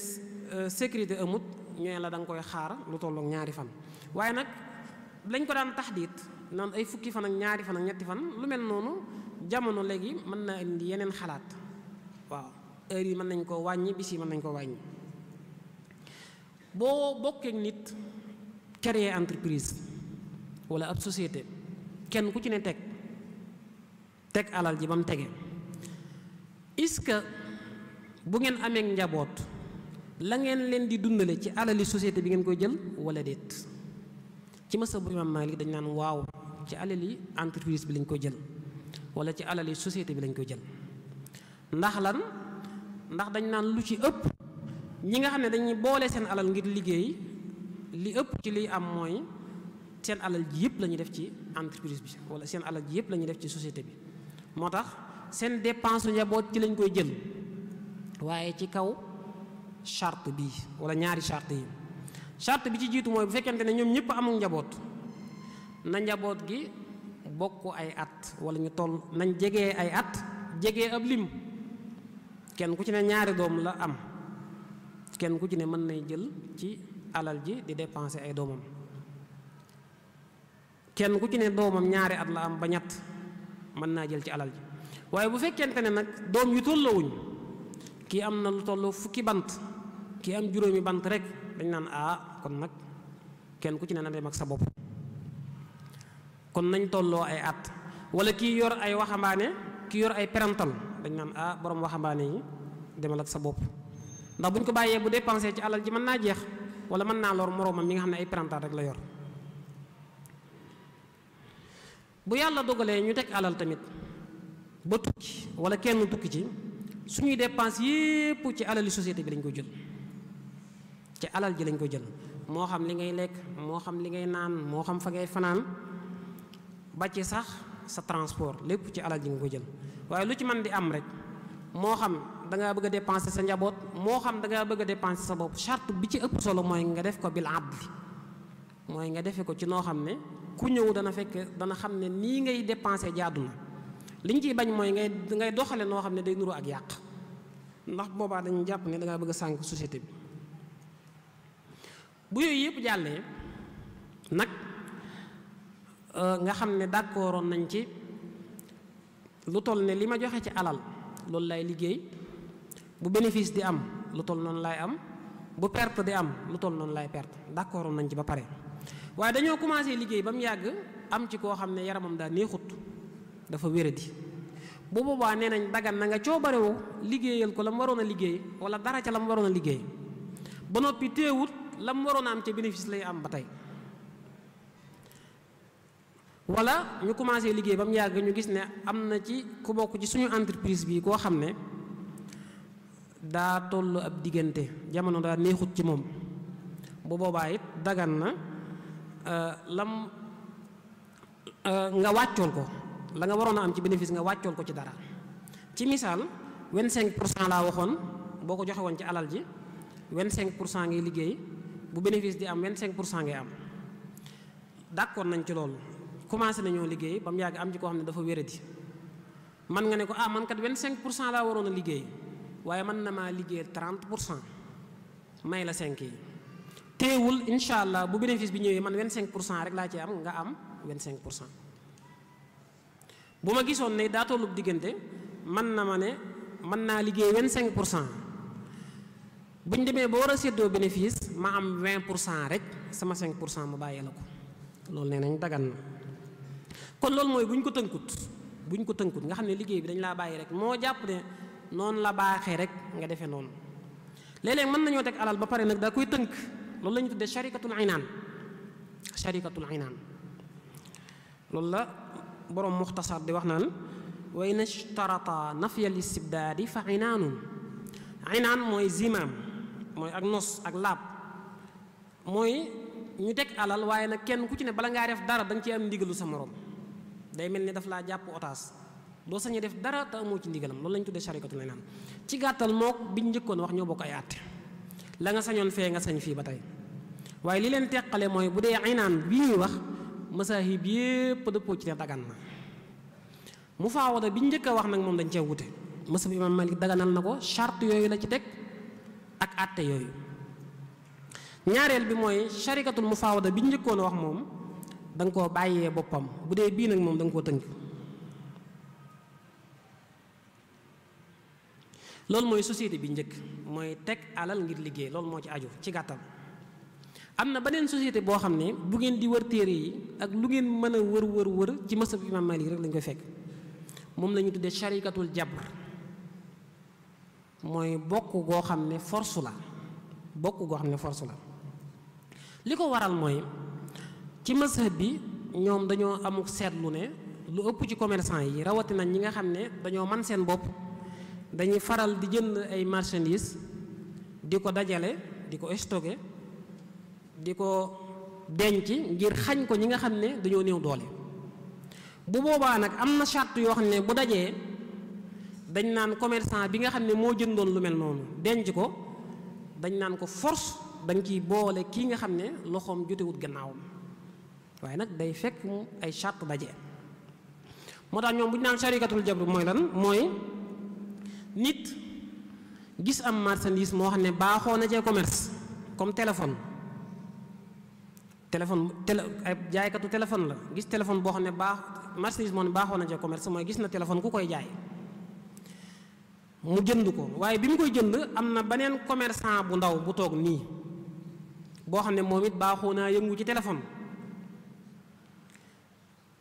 euh, sécurité amut ñee la da nga koy xaar lu tollook ñaari fan waaye nag lañ ko daan taxdiit naan ay fukki fan ak ñaari fan ak ñetti fan lu mel noonu jamono léegi mën na indi yeneen xalaat waaw heure yi mën nañ koo wàññi bis yi mën nañ koo wàññi boo bokkee nit créer entreprise wala ab société kenn ku ci ne teg teg alal ji ba mu tegee est que bu ngeen amee njaboot la ngeen leen di dundale ci alali société bi ngeen koy jël wala déet ci mësa bu imam Malik dañ naan waaw ci alali entreprise bi lañ koy jël wala ci alali société bi lañ koy jël ndax lan ndax dañ naan lu ci ëpp ñi nga xam ne dañuy boole seen alal ngir liggéey li ëpp ci liy am mooy seen alal ji yëpp lañuy def ci entreprise bi wala seen alal ji yëpp lañuy def ci société bi seen dépense su njaboot ci lañ koy jël waaye ci kaw charte bi wala ñaari charte yi charte bi ci jiitu mooy bu fekkente ne ñoom ñëpp amul njaboot na njaboot gi bokk ay at walla ñu toll nañ jege ay at jege ab lim kenn ku ci ne ñaari doom la am kenn ku ci ne mën nay jël ci alal ji di dépenser ay doomam kenn ku ci ne doomam ñaari at la am ba ñett mën naa jël ci alal ji waaye bu fekkente ne nag doom yu tolloowuñ kii am na lu tolloo fukki bant kii am juróomi bant rek dañ naan a ah, kon nag kenn ku ci ne na dem ak sa bopp kon nañ tolloo ay at wala kii yor ay waxambaane kii yor ay perantal dañ naan ah boroom waxambaane yi demal ak sa bopp ndax buñ ko bàyyee bu dépensé ci alal ji mën naa jeex wala mën naa lor moroomam mi nga xam ne ay perantal rek la yor bu yàlla dogalee ñu teg alal tamit ba tukki wala kenn tukki ci suñuy dépense yépp ci alali société bi lañ ko jël ci alal ji lañ ko jël moo xam li ngay lekk moo xam li ngay naan moo xam fa ngay fanaan ba ci sax sa transport lépp ci alal ji nga ko jël waaye lu ci man di am rek moo xam da ngaa bëgg a dépenser sa njaboot moo xam da ngaa bëgg a sa bopp charte bi ci ëpp solo mooy nga def ko bil abd mooy nga defe ko ci noo xam ne ku ñëw dana fekk dana xam ne nii ngay dépenser jaadu na liñ ciy bañ mooy ngay ngay doxale noo xam ne day nuru ak yàq ndax boobaa dañ jàpp ne dangaa bëgg a sànq société bi bu yooyu yëpp jàllee nag euh, nga xam ne d'accordoon nañ ci lu toll ne li ma joxe ci alal loolu lay liggéey bu bénéfice di am lu toll noonu laay am bu perte di am lu toll noonu laay perte d'accordoon nañ ci ba pare waaye dañoo commencé liggéey ba mu yàgg am ci koo xam ne yaramam daa neexut dafa wéradi bu boobaa nee nañ daggan na nga coo coobarewoo liggéeyal ko la mu waroon a liggéey wala dara ca la mu waroon a liggéey ba noppi téewut la mu waroon a am ca bénéfice lay am ba tey wala ñu commencé liggéey ba mu yàgg ñu gis ne am na ci ku bokk ci suñu entreprise bi koo xam ne daa toll ab diggante jamono daa neexut ci moom bu boobaa it dagan na euh, lam euh, nga wàccool ko la nga waroon a am ci bénéfice nga wàccool ko ci dara ci misaal 25 pour cent laa waxoon boo ko joxe woon ci alal ji 25 pour cent ngay liggéey bu bénéfice di am 25 pour cent ngay am d'accord nañ ci loolu commencé nañoo liggéey ba mu yàgg am ci koo xam ne dafa wéradi man nga ne ko ah man kat 25 pour cent laa waroon a liggéey waaye man na maa liggéey 30 pour cent may la cinq yi teewul incha allah bu bénéfice bi ñëwee man 25 pour cent rek laa ci am nga am 25 pour cent. bu ma gisoon ne daa tollub diggante mën na ma ne mën naa liggéey vingt cinq pour cent bu demee ba war a séddoo bénéfice ma am vingt pour cent rek sama cinq pour cent ma bàyyee la ko loolu nee nañ dagan na kon loolu mooy bu ñu ko tënkut bu ñu ko tënkut nga xam ne liggéey bi dañ laa bàyyi rek moo jàpp ne noonu la baaxee rek nga defee noonu léeg mën nañoo teg alal ba pare nag daa koy tënk loolu la tudde tuddee charikatul aynaan charikatul aynaan loolu la boroom muxtasar di wax naan wa in ishtarata nafyal istibdaadi fa inaanun inaan mooy zimaam mooy ak nos ak laab mooy ñu teg alal waaye nag kenn ku ci ne bala ngaa def dara danga nga ci am ndigalu sa morom day mel ni daf laa jàpp otaas doo sañu def dara te amoo ci ndigalam loolu lañ tuddee sharikatu lay naan ci gàttal mook biñ njëkkoon wax ñoo bokk ay àtte la nga sañoon fee nga sañ fii ba tey waaye li leen teqale mooy bu dee inaan bi ñuy wax masaahib yépp dëppoo ci ne dagan na mu faawada bi njëkk a wax nag moom dañ cee wute masab imam malik daganal na ko charte yooyu la ci teg ak àtte yooyu ñaareel bi mooy sharikatul mu faawada bi njëkkoon a wax moom danga nga koo bàyyee boppam bu dee bii nag moom danga nga koo tënk loolu mooy société bi njëkk mooy teg alal ngir liggéey loolu moo ci aju ci gàttal am na beneen société boo xam ne bu ngeen di wër téere yi ak lu ngeen mën a wër wër wër ci masab imam yi rek lañ koy fekk moom la ñu tuddee charikatul jabr mooy bokk goo xam ne force la bokk goo xam ne force la li ko waral mooy ci masab bi ñoom dañoo amuk seetlu ne lu ëpp ci commerçant yi rawatina ñi nga xam ne dañoo man seen bopp dañuy faral di jënd ay marchandises di ko dajale di ko stocké di ko denc ngir xañ ko ñi nga xam ne dañoo néew doole bu boobaa nag am na charte yoo xam ne bu dajee dañ naan commerçant bi nga xam ne moo jëndoon lu mel noonu denc ko dañ naan ko force dañ kiy boole kii nga xam ne loxoom jotewut gannaawam waaye nag day fekk mu ay charte daje moo tax ñoom bu ñu naan sharikatul jabr mooy lan mooy nit gis am marchandise moo xam ne baaxoo na cee commerce comme téléphone téléphone télé ay jaaykatu téléphone la gis téléphone boo xam ne baax marchandise moo baaxoo baaxoon na ca commerce mooy gis na téléphone ku koy jaay mu jënd ko waaye bi mu koy jënd am na beneen commerçant bu ndaw bu toog nii boo xam ne moom it baaxoo naa yëngu ci téléphone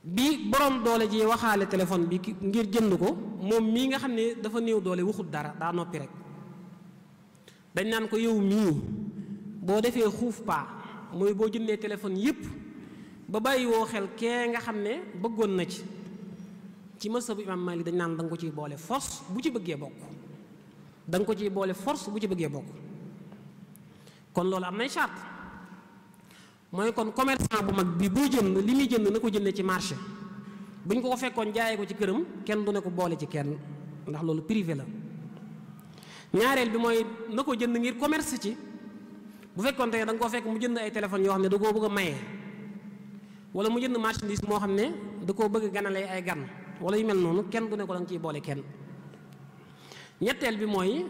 bi borom doole ji waxaale téléphone bi ngir jënd ko moom mii nga xam ne dafa néew doole waxut dara daa noppi rek dañ naan ko yow mii boo defee xuuf paa mooy boo jëndee téléphone yépp ba bàyyi woo xel kee nga xam ne bëggoon na ci ci masabu imam Malik dañ naan danga ko ciy boole force bu ci bëggee bokk da ko ciy boole force bu ci bëggee bokk kon loolu am nay charte mooy kon commerçant bu mag bi buy jënd li muy jënd na ko jëndee ci marché buñ ko ko fekkoon jaayee ko ci këram kenn du ne ko boole ci kenn ndax loolu privé la ñaareel bi mooy na ko jënd ngir commerce ci bu fekkoon tey da nga koo fekk mu jënd ay téléphone yoo xam ne da koo bëgg a maye wala mu jënd marchandise moo xam ne da koo bëgg ganale ay gan wala yu mel noonu kenn du ne ko da nga boole kenn ñetteel bi mooy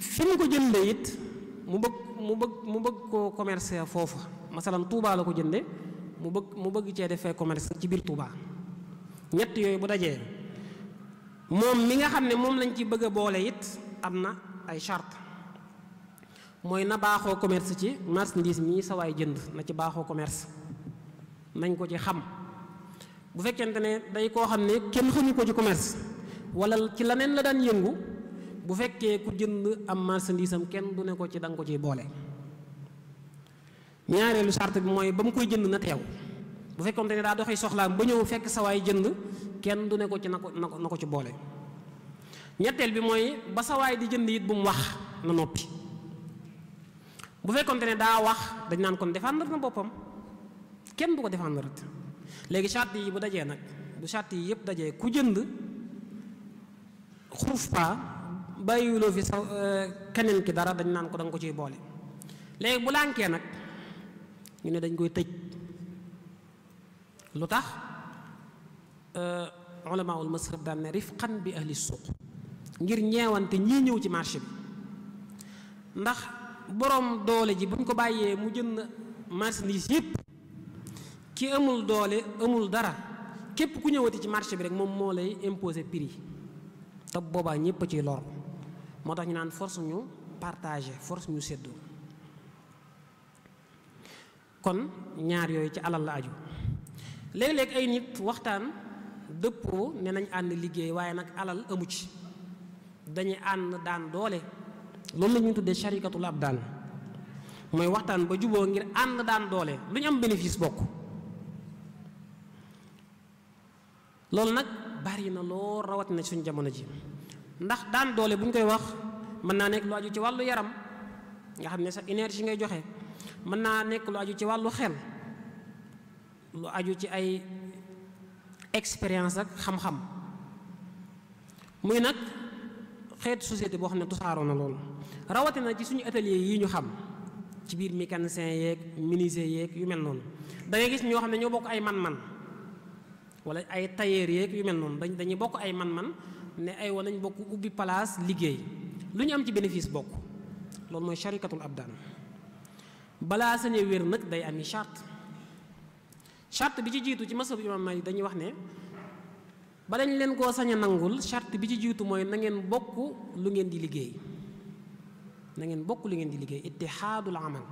fi ko jënde it mu bëgg mu bëgg mu bëgg koo commerce foofu masalan Touba la ko jënde mu bëgg mu bëgg cee defee commerce ci biir Touba ñett yooyu bu dajee moom mi nga xam ne moom lañ ci bëgg a boole it am na ay charte mooy na baaxoo commerce ci ndiis mii sawaay jënd na ci baaxoo commerce nañ ko ci xam bu fekkente ne day koo xam ne kenn xamu ko ci commerce wala ci leneen la daan yëngu bu fekkee ku jënd am marchandise am kenn du ne ko ci danga ko ciy boole. ñaareelu charte bi mooy ba koy jënd na teew bu fekkonte ne daa doxee soxlaam ba ñëw fekk sa waay kenn du ne ci na ko na ko ci boole ñetteel bi mooy ba sa waay di jënd it bu mu wax na noppi. bu fekkonte ne daa wax dañ naan kon défendre na boppam kenn bu ko défendre léegi charte yi bu dajee nag bu charte yi yëpp dajee ku jënd xuruf pa bàyyiwuloo fi sa euh, keneen ki dara dañ naan ko danga ko ciy boole léegi bu lànkee nag ñu ne dañ koy tëj lu tax euh, ulamaul masrif daan ne rifqan bi ahli ngir ñeewante ñii ñëw ci marché bi ndax borom doole ji bu ñu ko bàyyee mu jënd marchandise yëpp ki amul doole amul dara képp ku ñëwati ci marché bi rek moom moo lay imposer prix te boobaa ñëpp a ci lor moo tax ñu naan force ñu partager force ñu séddoo kon ñaar yooyu ci alal la aju léeg-léeg ay nit waxtaan dëppoo ne nañ ànd liggéey waaye nag alal amu ci dañuy ànd daan doole loolu la ñuy tuddee sharikatul daan mooy waxtaan ba juboo ngir ànd daan doole lu ñu am bénéfice bokk loolu nag bari na loo rawat na suñ jamono ji ndax daan doole bu ñu koy wax mën naa nekk lu ci wàllu yaram nga xam ne sa énergie ngay joxe mën naa nekk lu aju ci wàllu xel lu aju ci ay expérience ak xam-xam muy nag xeetu société boo xam ne tusaaroo na loolu rawatina ci suñu atelier yi ñu xam ci biir mécanicien yeeg menuisier yéeg yu mel noonu da gis ñoo xam ne ñoo bokk ay man-man wala ay tailleur yeeg yu mel noonu dañ dañuy bokk ay man-man ne ay wa nañ bokk ubbi place liggéey lu ñu am ci bénéfice bokk loolu mooy charikatul abdan balaa sañe wér nag day ami chart charte bi ci jiitu ci masab imam Malik dañuy wax ne balañ leen koo sañ a nangul charte bi ci jiitu mooy na ngeen bokk lu ngeen di liggéey na ngeen bokk lu ngeen di liggéey ittihaadul amal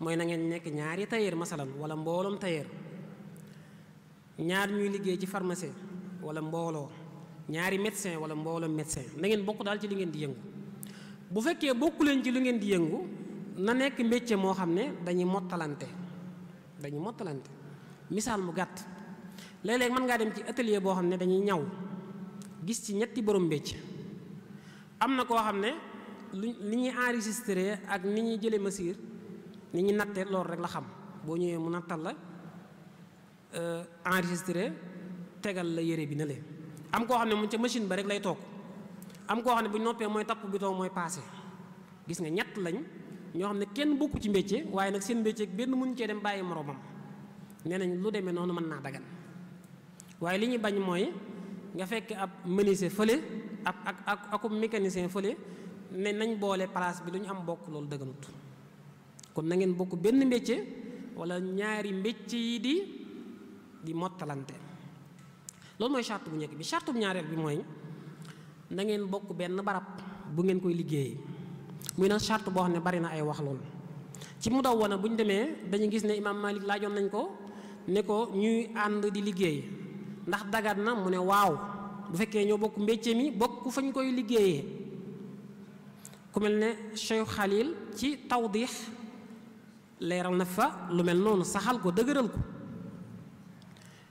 mooy na ngeen nekk ñaari tailleur masalan wala mbooloom tailleur ñaar ñuy liggéey ci pharmacie wala mbooloo ñaari médecin wala mbooloom médecin nangeen ngeen bokk daal ci li ngeen di yëngu bu fekkee bokku leen ci lu ngeen di yëngu na nekk métier moo xam ne dañuy mottalante dañuy mottalante misaal mu gàtt léeg-léeg mën ngaa dem ci atelier boo xam ne dañuy ñaw gis ci ñetti borom mbécc am na koo xam ne lu li ñuy enrigistre ak ni ñuy jëlee mesure ni ñuy natte loolu rek la xam boo ñëwee mu nattal la euh, enregistré tegal la yére bi na leen am koo xam ne mu ca machine ba rek lay toog am koo xam ne bu noppee mooy tapp bi toog mooy paase gis nga ñett lañ ñoo xam ne kenn bokku ci mbécce waaye nag seen mbécce benn mun cee dem bàyyi moroomam nee nañ lu demee noonu mën naa dagan waaye li ñu bañ mooy nga fekk ab menuisier fële ab ak ak akub mécanicien fële ne nañ boole place bi du ñu am bokk loolu dëgganut kon na ngeen bokk benn métier wala ñaari métier yi di di mottalante loolu mooy charte bu njëkk bi charte ñaareel bi mooy na ngeen bokk benn barab bu ngeen koy liggéeyee muy nag charte boo xam ne bari na ay wax loolu ci mu daw wana bu ñu demee dañu gis ne imaam Malik laajoon nañ ko ne ko ñuy ànd di liggéey ndax dagat na mu ne waaw bu fekkee ñoo bokk mbécce mi bokk fañ koy liggéeyee ku mel ne Cheikh xalil ci tawdix leeral na fa lu mel noonu saxal ko dëgëral ko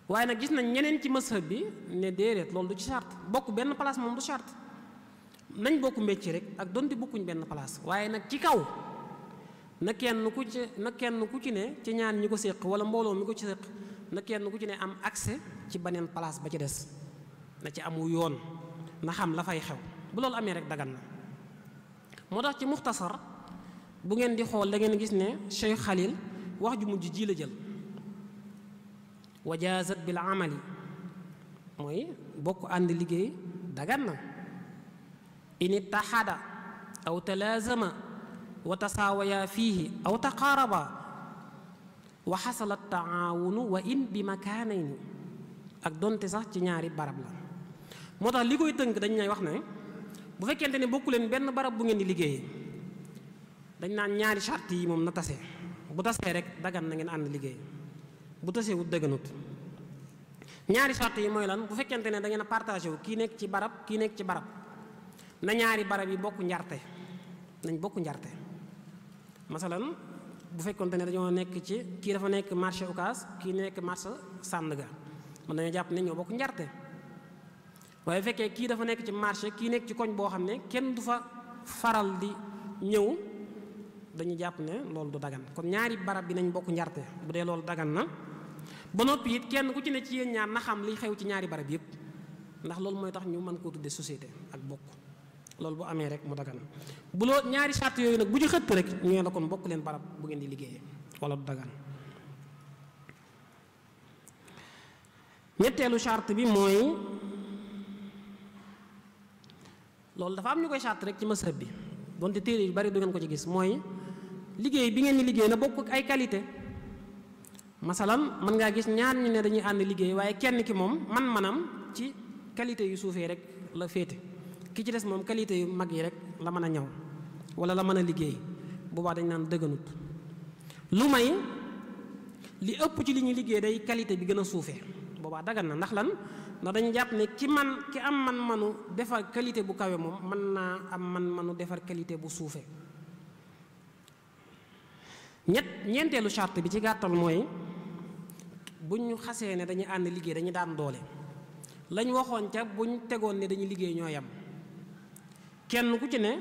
waaye nag gis nañ ñeneen ci mashab bi ne déedéet loolu du ci charte bokk benn place moom du charte nañ bokk mbécc rek ak donte bokkuñ benn place waaye nag ci kaw na kenn ku ci na kenn ku ci ne ci ñaan ñi ko séq wala mbooloo mi ko ci séq na kenn ku ci ne am accès ci beneen place ba ci des na ci amu yoon na xam la fay xew bu loolu amee rek dagan na moo tax ci muxtasar bu ngeen di xool da gis ne Cheikh Khalil wax ju mujj ji la jël wajaazat bil amali mooy bokk ànd liggéey dagan na in ittaxada aw talaazama wa tasaawaya aw taqaaraba wa xasala taawunu wa in bi makaanayni ak donte sax ci ñaari barab la moo tax li koy tënk dañ lay wax na bu fekkente ne bokku leen benn barab bu ngeen di liggéey dañ naan ñaari charte yi moom na tase bu tasee rek dagan na ngeen ànd liggéey bu tasewut dëgganut ñaari charte yi mooy lan bu fekkente ne da ngeen partagé wu kii nekk ci barab kii nekk ci barab na ñaari barab yi bokk njarte nañ bokk njarte masalan bu fekkonte ne dañoo nekk ci kii dafa nekk marché Ocass kii nekk marché Sandaga mën nañoo jàpp ne ñoo bokk njarte waaye bu fekkee kii dafa nekk ci marché kii nekk ci koñ boo xam ne kenn du fa faral di ñëw dañu jàpp ne loolu du dagan kon ñaari barab bi nañ bokk njarte bu dee loolu dagan na ba noppi it kenn ku ci ne ci yéen ñaar na xam li xew ci ñaari barab yëpp ndax loolu mooy tax ñu mën koo tuddee société ak bokk loolu bu amee rek mu dagan bu loo ñaari sart yooyu nag bu ñu xëpp rek ñu ne la kon bokk leen barab bu ngeen di liggéeyee wala du dagan ñetteelu charte bi mooy loolu dafa am ñu koy charte rek ci masab bi donte téere yu bari du ngeen ko ci gis mooy liggéey bi ngeen di liggéey na bokk ay qualité masalan mën ngaa gis ñaar ñu ne dañuy ànd liggéey waaye kenn ki moom man-manam ci qualité yu suufee rek la féete ki ci des moom qualité yu mag yi rek la mën a ñaw wala la mën a liggéey boobaa dañ naan dëgganut lu may li ëpp ci li ñuy liggéey day qualité bi gën a suufee boobaa dagan na ndax lan ndax dañ jàpp ne ki man ki am man-manu defar qualité bu kawe moom mën naa am man-manu defar qualité bu suufe ñett ñeenteelu chart bi ci gàttal mooy bu ñu xasee ne dañu ànd liggéey dañu daan doole lañu waxoon ca buñ tegoon ne dañu liggéey ñoo yam kenn ku ci ne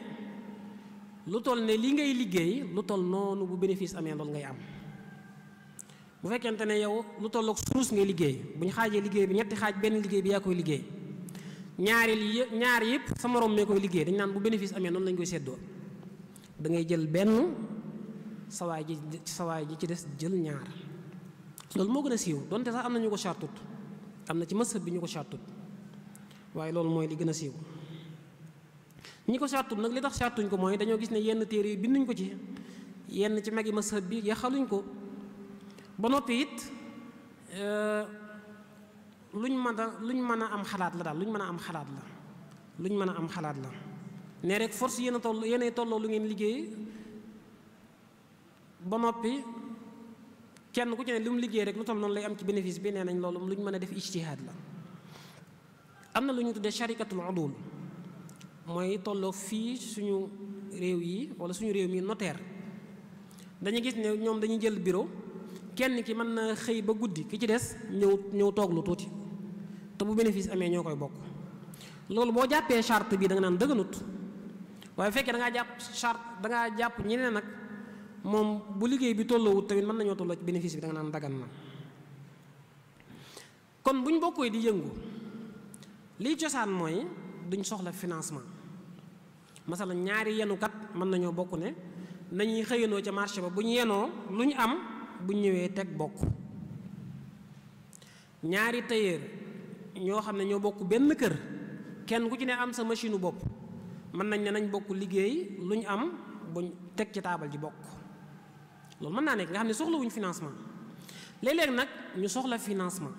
lu toll ne li ngay liggéey lu toll noonu bu bénéfice amee loolu ngay am bu fekkente ne yow lu tollook suus ngay liggéey bu xaajee liggéey bi ñetti xaaj benn liggéey bi yaa koy liggéey ñaari li ñaar yëpp sa moroom mee koy liggéey dañ naan bu bénéfice amee noonu lañ koy seddoo da ngay jël benn sawaay ji sawaay ji ci des jël ñaar loolu moo gën a siiw donte sax am na ñu ko chartut am na ci mësëb bi ñu ko chartut waaye loolu mooy li gën a siiw ñi ko sàttul nag li tax sartuñ ko mooy dañoo gis ne yenn téere bi binduñ ko ci yenn ci mag yi magi masab bi yaxaluñ ko ba noppi it euh, luñ mën a luñ mën a am xalaat la daal luñ mën a am xalaat la luñ mën a am xalaat la ne rek force yéen a toll yéen a tolloo lu ngeen liggéey ba noppi kenn ku ci ne lu mu liggéey rek lu toll noonu lay am ci bénéfice bi nee nañ loolu ñu mën a def ijtihaad la am na lu ñu tuddee charikatul udul mooy tolloog fii suñu réew yi wala suñu réew mii notaire dañu gis ne ñoom dañuy jël bureau kenn ki mën na xëy ba guddi ki ci des ñëw ñëw toog lu tuuti te bu bénéfice amee ñoo koy bokk loolu boo jàppee charte bi da nga naan dëgganut waaye fekkee da ngaa jàpp charte da ngaa jàpp ñeneen nag moom bu liggéey bi tolloowut tamit mën nañoo tolloo ci bénéfice bi da naan dagan na kon buñ ñu di yëngu lii cosaan mooy duñ soxla financement masala ñaari yenukat mën nañoo bokk ne nañuy xëyanoo ca marché ba bu ñu yenoo lu ñu am bu ñëwee teg bokk ñaari tailleur ñoo xam ne ñoo bokk benn kër kenn ku ci ne am sa machine bopp mën nañ ne nañ bokk liggéey lu ñu am buñ teg ci taabal ji bokk loolu mën naa nekk nga xam ne soxlawuñ financement léeg nag ñu soxla financement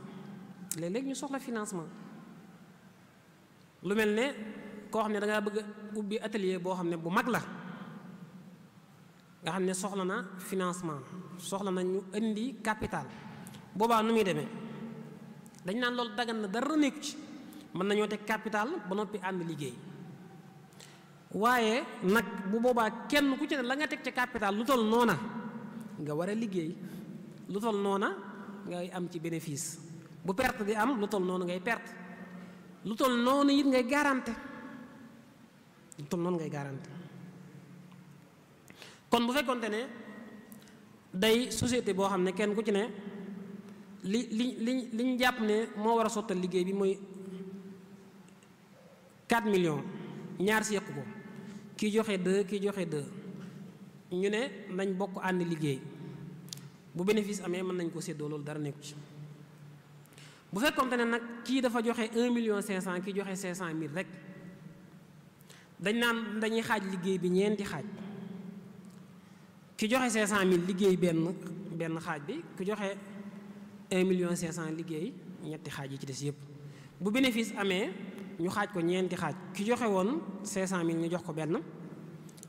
léeg-léeg ñu soxla financement lu mel ne koo xam ne dangaa bëgg ubbi atelier boo xam ne bu mag la nga xam ne soxla na financement soxla na ñu indi capital boobaa nu muy demee dañ naan loolu dagan dara nekku ci mën nañoo teg capital ba noppi ànd liggéey waaye nag bu boobaa kenn ku ci ne la nga teg ca capital lu tol noona nga war a liggéey lu tol noona ngay am ci bénéfice bu perte di am lu tol noonu ngay perte lu tol noonu it ngay garante lu toll noonu ngay garanti kon bu fekkonte ne day societé boo xam ne kenn ku ci ne li li li li ñu jàpp ne moo war a sottal liggéey bi mooy 4 million ñaar si yëkk ko kii joxe 2 kii joxe 2 ñu ne nañ bokk ànd liggéey bu bénéfice amee mën nañ ko séddoo loolu dara nekku ci bu fekkonte ne nag kii dafa joxe 1 million cinq cent ki joxe cinq 500 mille rek. dañ naan dañuy xaaj liggéey bi ñeenti xaaj ki joxe 500000 liggéey benn benn xaaj bi ku joxe 1 million 500 liggéey ñetti xaaj yi ci des yëpp bu bénéfice amee ñu xaaj ko ñeenti xaaj ki joxe woon 500000 ñu jox ko benn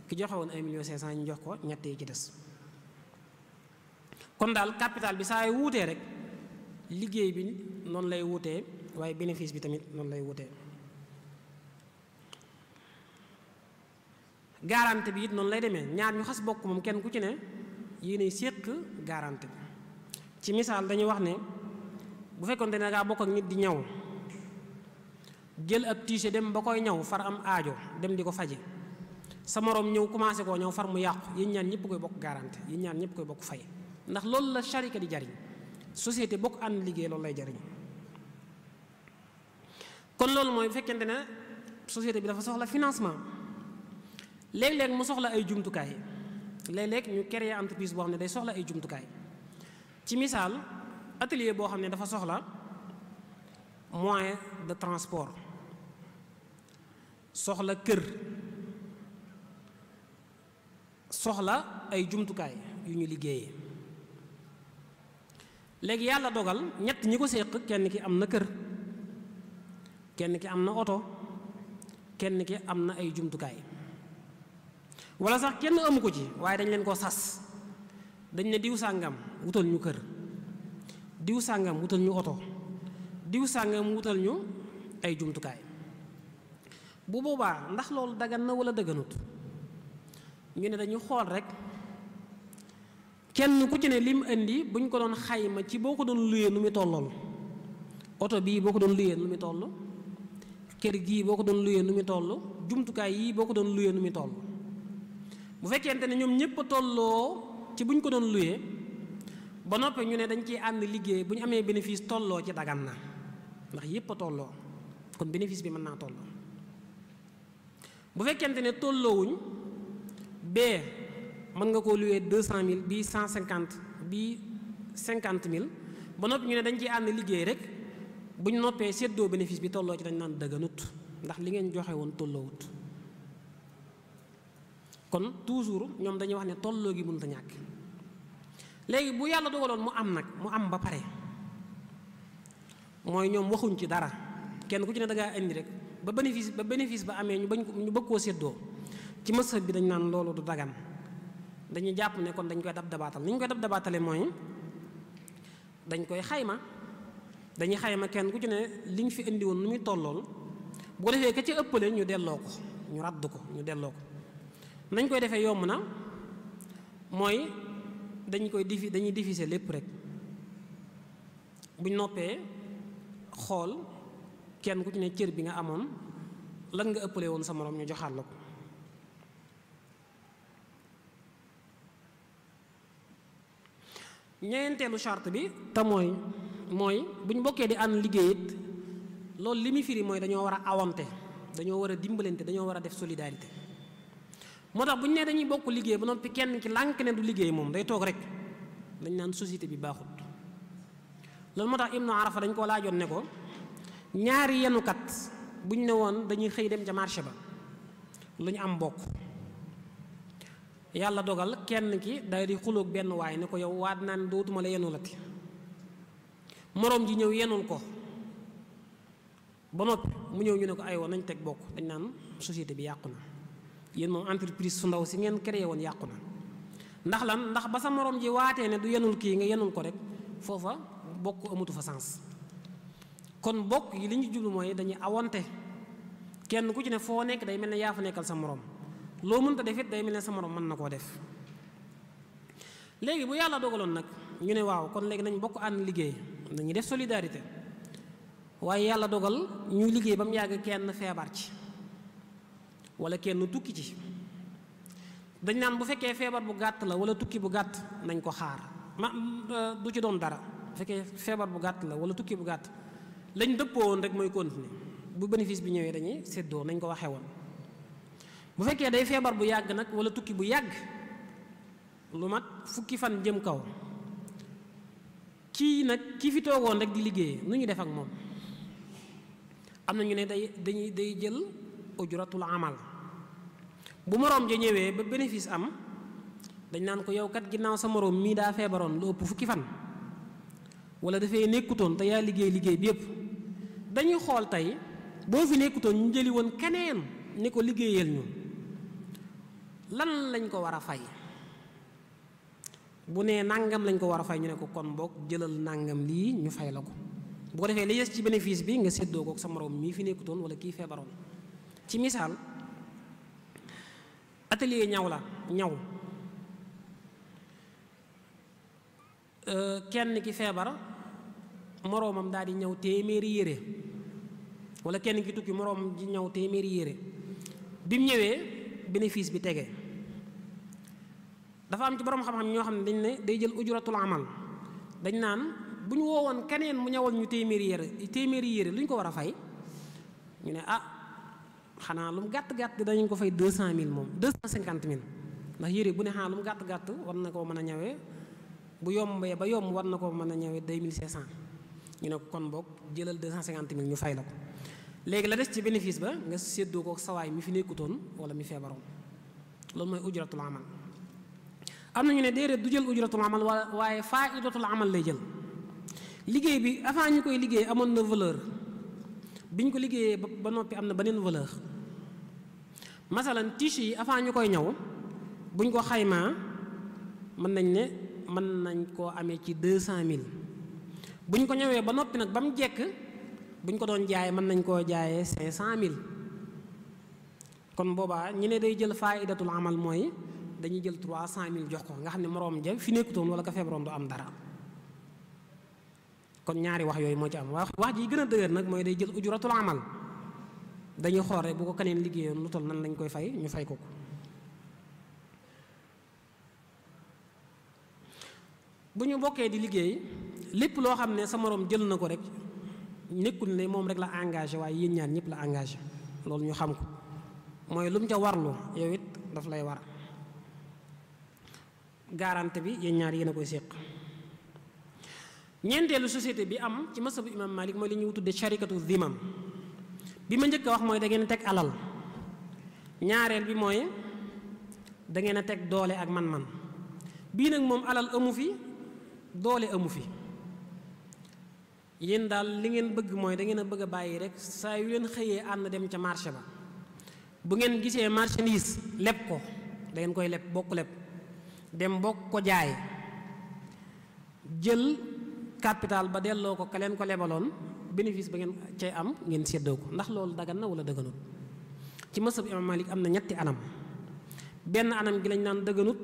ki joxe woon 1 million 500 ñu jox ko ñett yi ci des kon daal capital bi saa wuutee rek liggéey bi noonu lay wuutee waaye bénéfice bi tamit noonu lay wuutee. gaarante bi it noonu lay demee ñaar ñu xas bokk moom kenn ku ci ne yéenay séq gaarante bi ci misaal dañuy wax ne bu fekkoon ne dangaa bokk ak di ñaw jël ab tiise dem ba koy ñaw far am aajo dem di ko faje sa moroom ñëw commencé koo ñëw far mu yàqu yéen ñaan ñëpp koy bokk gaarante yéen ñaan ñëpp koy bokk fay ndax loolu la sharika di jariñ société bokk ànd liggéey loolu lay jariñ kon loolu mooy fekkente ne société bi dafa soxla financement léegi léeg mu soxla ay jumtukaay léeg-léeg ñu créer entreprise boo xam ne day soxla ay jumtukaay ci misaal atelier boo xam ne dafa soxla moyen de transport soxla kër soxla ay jumtukaay yu ñu liggéeyee léegi yàlla dogal ñett ñi ko séq kenn ki am na kër kenn ki am na oto kenn ki am na ay jumtukaay wala sax kenn amu ko ci waaye dañ leen koo sas dañ ne diw sàngam wutal ñu kër diw sàngam wutal ñu oto diw sàngam wutal ñu ay jumtukaay bu boobaa ndax loolu dagan na wala daganut ñu ne dañu xool rek kenn ku ci ne lim indi buñ ko doon xayma ci boo ko doon luyee nu muy tollool oto bii boo ko doon luyee nu muy toll kër gii boo ko doon luyee nu muy toll jumtukaay yii boo ko doon luyee nu muy toll bu fekkente ne ñoom ñëpp tolloo ci bu ñu ko doon luyee ba noppi ñu ne dañ ciy ànd liggéey bu ñu amee bénéfice tolloo ci daggan na ndax yëpp a tolloo kon bénéfice bi mën naa tolloo bu fekkente ne tolloowuñ bee nga koo luyee deux cent mille bii cent cinquante bii cinquante mille ba noppi ñu ne dañ ciy ànd liggéey rek bu ñu noppee séddoo bénéfice bi tolloo ci dañ naan dëgganut ndax li ngeen joxe woon tolloowut kon toujours ñoom dañuy wax ne tolloo gi mun a ñàkk léegi bu yàlla dogaloon mu am nag mu am ba pare mooy ñoom waxuñ ci dara kenn ku ci ne da indi rek ba bénéfice ba bénéfice ba amee ñu bañ ko ñu bëgg koo séddoo ci mësal bi dañ naan loolu du dagan dañuy jàpp ne kon dañ koy dab dabaatal ni ñu koy dab dabaatale mooy dañ koy xayma dañuy xayma kenn ku ci ne li fi indi woon lu muy tollool bu ko defee ka ci ëppale ñu delloo ko ñu ràdd ko ñu delloo ko. nañ koy defee yomb na mooy dañ koy difi dañuy diffuser lépp rek buñ noppee xool kenn ku ci ne cër bi nga amoon lan nga ëppale woon sa moroom ñu joxaat la ko ñeenteelu charte bi te mooy mooy bu ñu bokkee di ànd liggéey it loolu li muy firi mooy dañoo war a awante dañoo war a dimbalante dañoo war a def solidarité moo tax bu ñu nee dañuy bokk liggéey ba noppi kenn ki lànk ne du liggéey moom day toog rek dañ naan société bi baaxut loolu moo tax Ibnu Arafa dañ koo laajoon ne ko ñaari yenukat bu ñu ne woon dañuy xëy dem ca marché ba lu am bokk yàlla dogal kenn ki day di xuloog benn waaye ne ko yow waa naa ne dootuma la yenulati moroom ji ñëw yenul ko ba noppi mu ñëw ñu ne ko aywa nañ teg bokk dañ naan société bi yàqu na yéen moom entreprise su ndaw si ngeen créé woon yàqu na ndax lan ndax ba sa morom ji waatee ne du yenul kii nga yenul ko rek foofa bokk amatu fa sens kon bokk yi li ñu jublu mooy dañuy awante kenn ku ci ne foo nekk day mel ne yaa fa nekkal sa moroom loo mënta def it day mel ne sa moroom mën na koo def léegi bu yàlla dogaloon nag ñu ne waaw kon léegi nañ bokk ànd liggéey nañu def solidarité waaye yàlla dogal ñu liggéey ba mu yàgg kenn feebar ci wala kenn tukki ci dañ naan bu fekkee feebar bu gàtt la wala tukki bu gàtt nañ ko xaar ma mm, du ci doon dara bu fekkee feebar bu gàtt la wala tukki bu gàtt lañ dëppoo woon rek mooy continuer bu bénéfice bi ñëwee dañuy seddoo nañ ko waxee woon bu fekkee day feebar bu yàgg nag wala tukki bu yàgg lu mat fukki fan jëm kaw kii nag kii fi toogoon rek di liggéey nu ñu def ak moom am na ñu ne day dañuy day jël ujratul amal bu moroom ja ñëwee ba bénéfice am dañ naan ko yow kat ginnaaw sa moroom mii daa feebaroon lu ëpp fukki fan wala dafay nekkutoon te yaa liggéey liggéey bi yépp dañuy xool tey boo fi nekkutoon ñu jëli woon keneen ne ko liggéeyal ñu lan lañ ko war a fay bu nee nàngam lañ ko war a fay ñu ne ko kon boog jëlal nàngam lii ñu fay la ko bu ko defee li ci bénéfice bi nga séddoo ko ak sa moroom mii fi nekkutoon wala kii feebaroon ci misaal atelier ñaw la ñaw euh, kenn ki feebar moroomam daal di ñaw téeméeri yére wala kenn ki tukki moroomam di ñaw téeméeri yére bi mu ñëwee bénéfice bi tege dafa am ci borom xam-xam ñoo xam ne dañ ne day jël ujuratul amal dañ naan bu ñu woowoon keneen mu ñawal ñu téeméeri yére téeméeri yére lu ñu ko war a fay ñu ne ah. xanaa lu mu gàtt-gàtt dañu ko fay deux cent mille moom deux cent cinquante mille ndax yére bu ne xanaa lu mu gàtt-gàtt war na koo mën a ñawee bu yombee ba yomb war na koo mën a ñawee deux mille cinq cent ñu ne ko kon boog jëlal deux cent cinquante ñu fay la ko léegi la des ci bénéfice ba nga séddoo ko ak sawaay mi fi nekkutoon wala mi feebaroon loolu mooy ujratul amal am na ñu ne déedéet du jël ujratul amal waaye faa idatul amal lay jël liggéey bi avant ñu koy liggéey amoon na valeur biñ ko liggéeyee ba noppi am na beneen valeur masalan tissu yi avant ñu koy ñaw buñ ko xaymaa mën nañ ne mën nañ koo amee ci deux cent mille buñ ko ñëwee ba noppi nag ba mu jekk buñ ko doon jaay mën nañ koo jaaye cinq cent mille kon boobaa ñi ne day jël faidatul amal mooy dañuy jël trois cent mille jox ko nga xam ne moroom ja fi nekkutoon wala ka feebaroon du am dara kon ñaari wax yooyu moo ci am wax wax ji gën a dëgër nag mooy day jël ujuratul amal dañuy xool rek bu ko keneen liggéeyoon lu toll nan lañ koy fay ñu fay ko ko bu ñu bokkee di liggéey lépp loo xam ne sa moroom jël na ko rek nekkul ne moom rek la engagé waaye yéen ñaar ñëpp la engage loolu ñu xam ko mooy lum ca warlu yow it daf lay war garante bi yéen ñaar yéen a koy séq ñeenteelu société bi am ci masabu imam malik ma li ñuy tudde charikatu zimam bi ma njëkk a wax mooy da ngeen teg alal ñaareel bi mooy dangeen a teg doole ak man-man bii nag moom alal amu fi doole amu fi yéen daal li ngeen bëgg mooy da ngeen a bëgg a bàyyi rek saa yu leen xëyee ànd dem ca marché ba bu ngeen gisee marchandise leb ko dangeen koy leb bokk leb dem bokk ko jaay jël capital ba delloo ko ka leen ko lebaloon bénéfice ba ngeen cay am ngeen séddoo ko ndax loolu dagan na wala daganut ci masab imam malik am na ñetti anam benn anam gi lañ naan dëgganut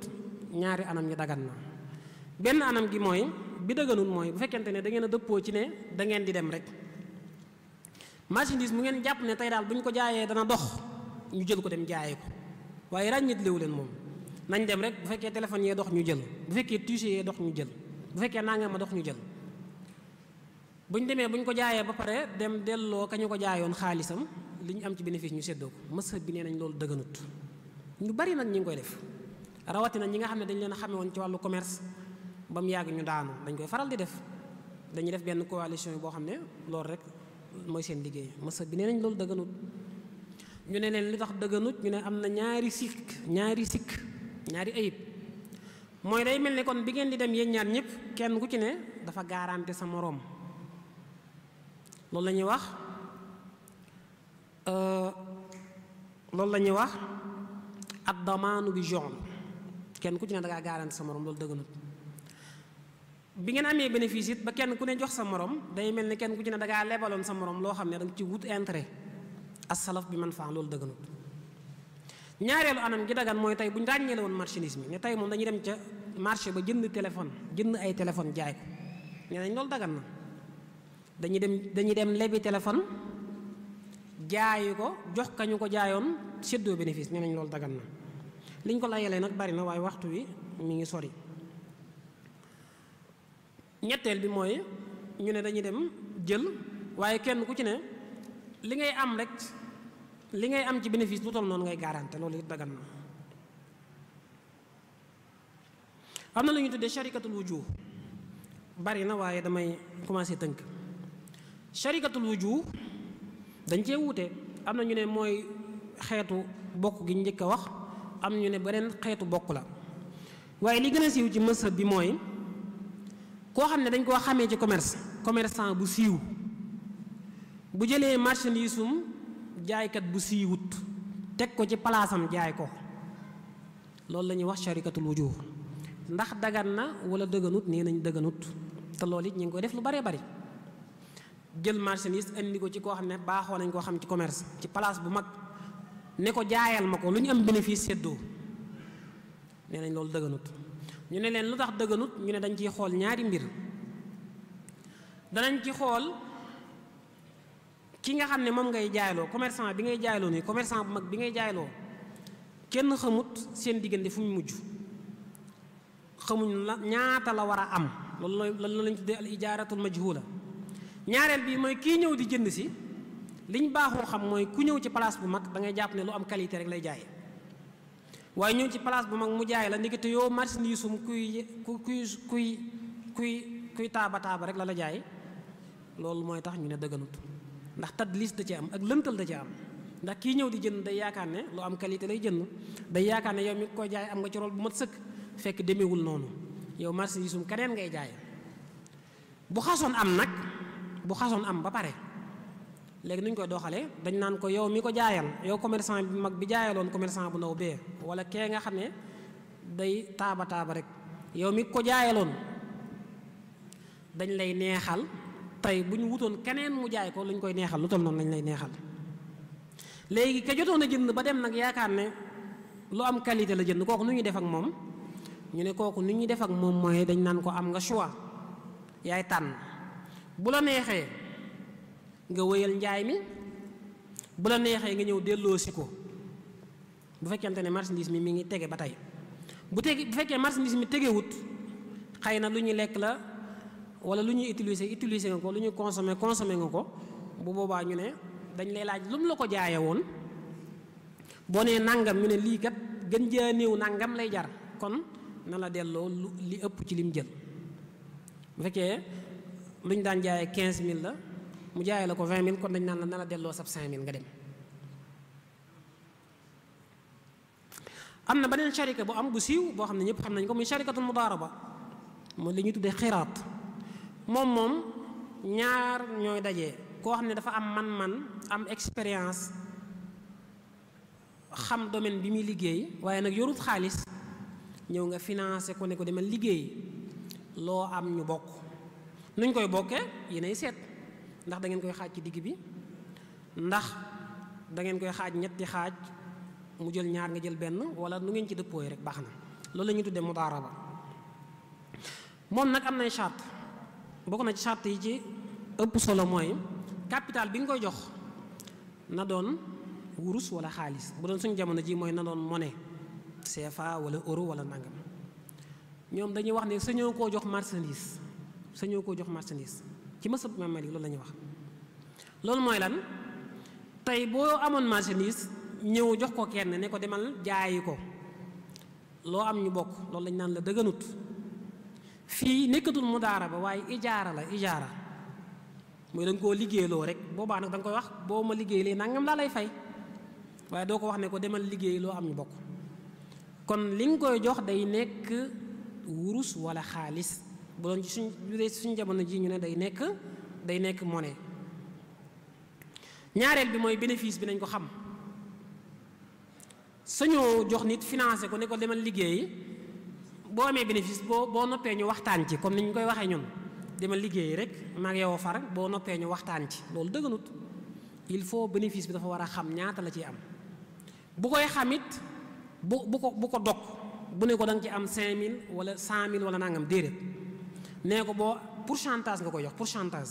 ñaari anam gi dagan na benn anam gi mooy bi dëgganut mooy bu fekkente ne da ngeen a ci ne da ngeen di dem rek marchandise mu ngeen jàpp ne tey daal bu ñu ko jaayee dana dox ñu jël ko dem jaayee ko waaye ràññit léwu leen moom nañ dem rek bu fekkee téléphone yee dox ñu jël bu fekkee tuche yee dox jël bu fekkee nangam ma dox ñu bu ñu demee bu ñu ko jaayee ba pare dem delloo kañu ko jaayoon xaalisam li ñu am ci bénéfice ñu séddoo ko mësëb bi nee nañ loolu dëgganut ñu bari nag ñu ngi koy def rawatina ñi nga xam ne dañ leen a xamee woon ci wàllu commerce ba mu yàgg ñu daanu dañ koy faral di def dañuy def benn coalition boo xam ne loolu rek mooy seen liggéey mësëb bi nee nañ loolu dëgganut ñu ne leen li tax dëgganut ñu ne am na ñaari sikk ñaari sikk ñaari ayib mooy day mel ne kon bi ngeen di dem yéen ñaar ñëpp kenn ku ci ne dafa garanti sa moroom loolu la ñuy wax euh, loolu la ñuy wax ad damaanu bi jon kenn ku ci ne da ngaa garanti sa morom loolu dëgganut bi ngeen amee bénéfice it ba kenn ku ne jox sa morom day mel ni kenn ku ci ne da lebaloon sa morom loo xam ne da nga ci wut intérêt asalaf bi man faa loolu dëgganut ñaareelu anam gi dagan mooy tey bu ñu ràññee woon marchandisme ne tey moom dañuy dem ca marché ba jënd téléphone jënd ay téléphone jaay ko nee nañ loolu dagan na dañuy dem dañuy dem lebi téléphone jaayi ko jox kañu ko jaayoon séddoo bénéfice nee nañ loolu dagan na liñ ko layalee nag bari na waaye waxtu wi mu ngi sori ñetteel bi mooy ñu ne dañuy dem jël waaye kenn ku ci ne li ngay am rek li ngay am ci bénéfice lu toll noonu ngay garanté loolu it dagan na am na lu ñu tuddee charikatul wujuh bari na waaye damay commencé tënk sharikatul wujuh dañ cee wuute am na ñu ne mooy xeetu bokk gi njëkk a wax am ñu ne beneen xeetu bokk la waaye li gën a siiw ci mësab bi mooy koo xam ne dañ koo xamee ci commerce commerçant bu siiw bu jëlee marchandisum jaaykat bu siiwut teg ko ci palaasam jaay ko loolu la ñuy wax sharikatul wujuh ndax dagan na wala dëgganut nee nañ dëgganut te loolu it ñu ngi koy def lu baree bari jël marchandise indi ko ci koo xam ne baaxoo nañ koo xam ci commerce ci place bu mag ne ko jaayal ma ko lu ñu am bénéfice séddoo nee nañ loolu dëgganut ñu ne leen lu tax dëgganut ñu ne dañ ciy xool ñaari mbir danañ ci xool ki nga xam ne moom ngay jaayloo commerçant bi ngay jaayloo nii commerçant bu mag bi ngay jaayloo kenn xamut seen diggante fu mu mujj xamuñ la ñaata la war a am loolu loolu lañ tuddee al ijaaratul majhula ñaareel bii mooy kii ñëw di jënd si liñ baaxoo xam mooy ku ñëw ci place bu mag da ngay jàpp ne lu am qualité rek lay jaay waaye ñëw ci place bu mag mu jaay la ndikite yow marchandise um kuy kuy kuy kuy kuy taaba taaba rek la la jaay loolu mooy tax ñu ne dëgganut ndax tadlis da ci am ak lëntal da ci am ndax kii ñëw di jënd day yaakaar ne lu am qualité lay jënd day yaakaar ne yow mi ko jaay am nga ci rol bu mat sëkk fekk demewul noonu yow marchandise um keneen ngay jaay bu am nag bu xasoon am ba pare léegi nuñ koy doxalee dañ naan ko yow mi ko jaayal yow commerçant bi mag bi jaayaloon commerçant bu ndaw bee wala kee nga xam ne day taaba taaba rek yow mi ko jaayaloon dañ lay neexal tey bu ñu wutoon keneen mu jaay ko luñ koy neexal lu toll noonu lañ lay neexal léegi ka jotoon a jënd ba dem nag yaakaar ne lu am qualité la jënd kooku nu ñuy def ak moom ñu ne kooku nu ñuy def ak moom mooy dañ naan ko am nga choix yaay tànn. bu la neexee nga wéyal njaay mi bu la neexee nga ñëw delloosi ko bu fekkente ne marchandise mi mi ngi tege ba tey bu teg bu fekkee marchandise mi tegewut xëy na lu ñu lekk la wala lu ñuy utiliser utiliser nga ko lu ñuy consommer consommer nga ko bu boobaa ñu ne dañ lay laaj lu mu la ko jaaye woon boo nee nangam ñu ne lii kat gën jaa néew nangam lay jar kon na la delloo lu li ëpp ci lim jël bu fekkee lu ñu daan jaayee 15000 la mu jaayee la ko 20000 kon dañu naan la na la delloo sab 5000 nga dem. am na beneen sharika bu am bu siiw boo xam ne ñëpp xam nañ ko muy sharikatul ba mooy li ñuy tuddee xiraat moom moom ñaar ñooy daje koo xam ne dafa am man-man am expérience xam domaine bi muy liggéey waaye nag yorut xaalis ñëw nga financé ko ne ko demal liggéey loo am ñu bokk. nuñ koy bokke yi yéenay seet ndax da ngeen koy xaaj ci digg bi ndax dangeen koy xaaj ñetti xaaj mu jël ñaar nga jël benn wala nu ngeen ci dëppooy rek baax na loolu la ñuy tuddee mudaaraba moom nag am nay chart bokk na ci chart yi ci ëpp solo mooy capital bi nga koy jox na doon wurus wala xaalis bu doon suñu jamono ji mooy na doon monnaie CFA wala euro wala nangam ñoom dañuy wax ne sañoo koo jox marchandise sañoo koo jox marchandise ci mësab Imaam Maalik loolu la ñuy wax loolu mooy lan tey boo amoon marchandise ñëw jox ko kenn ne ko demal jaayi ko loo am ñu bokk loolu lañ naan la dëgganut fii nekkatul mu daara ba waaye ijaara la ijaara mooy da nga koo liggéeyloo rek boobaa nag da nga koy wax boo ma liggéey lee nangam laa lay fay waaye doo ko wax ne ko demal liggéey loo am ñu bokk kon li nga koy jox day nekk wurus wala xaalis bu doon suñ bu dee suñ jamono ji ñu ne day nekk day nekk monnaie ñaareel bi mooy bénéfice bi nañ ko xam sañoo jox nit financé ko ne ko demal liggéey boo amee bénéfice boo boo noppee ñu waxtaan ci comme ni ñu koy waxee ñun demal liggéey rek mag yow far boo noppee ñu waxtaan ci loolu dëgganut il faut bénéfice bi dafa war a xam ñaata la ciy am bu koy xamit bu bu ko bu ko dog bu ne ko danga nga ci am 5000 wala 100000 wala nangam déedéet. nee ko boo pour chantage nga ko jox pour chantage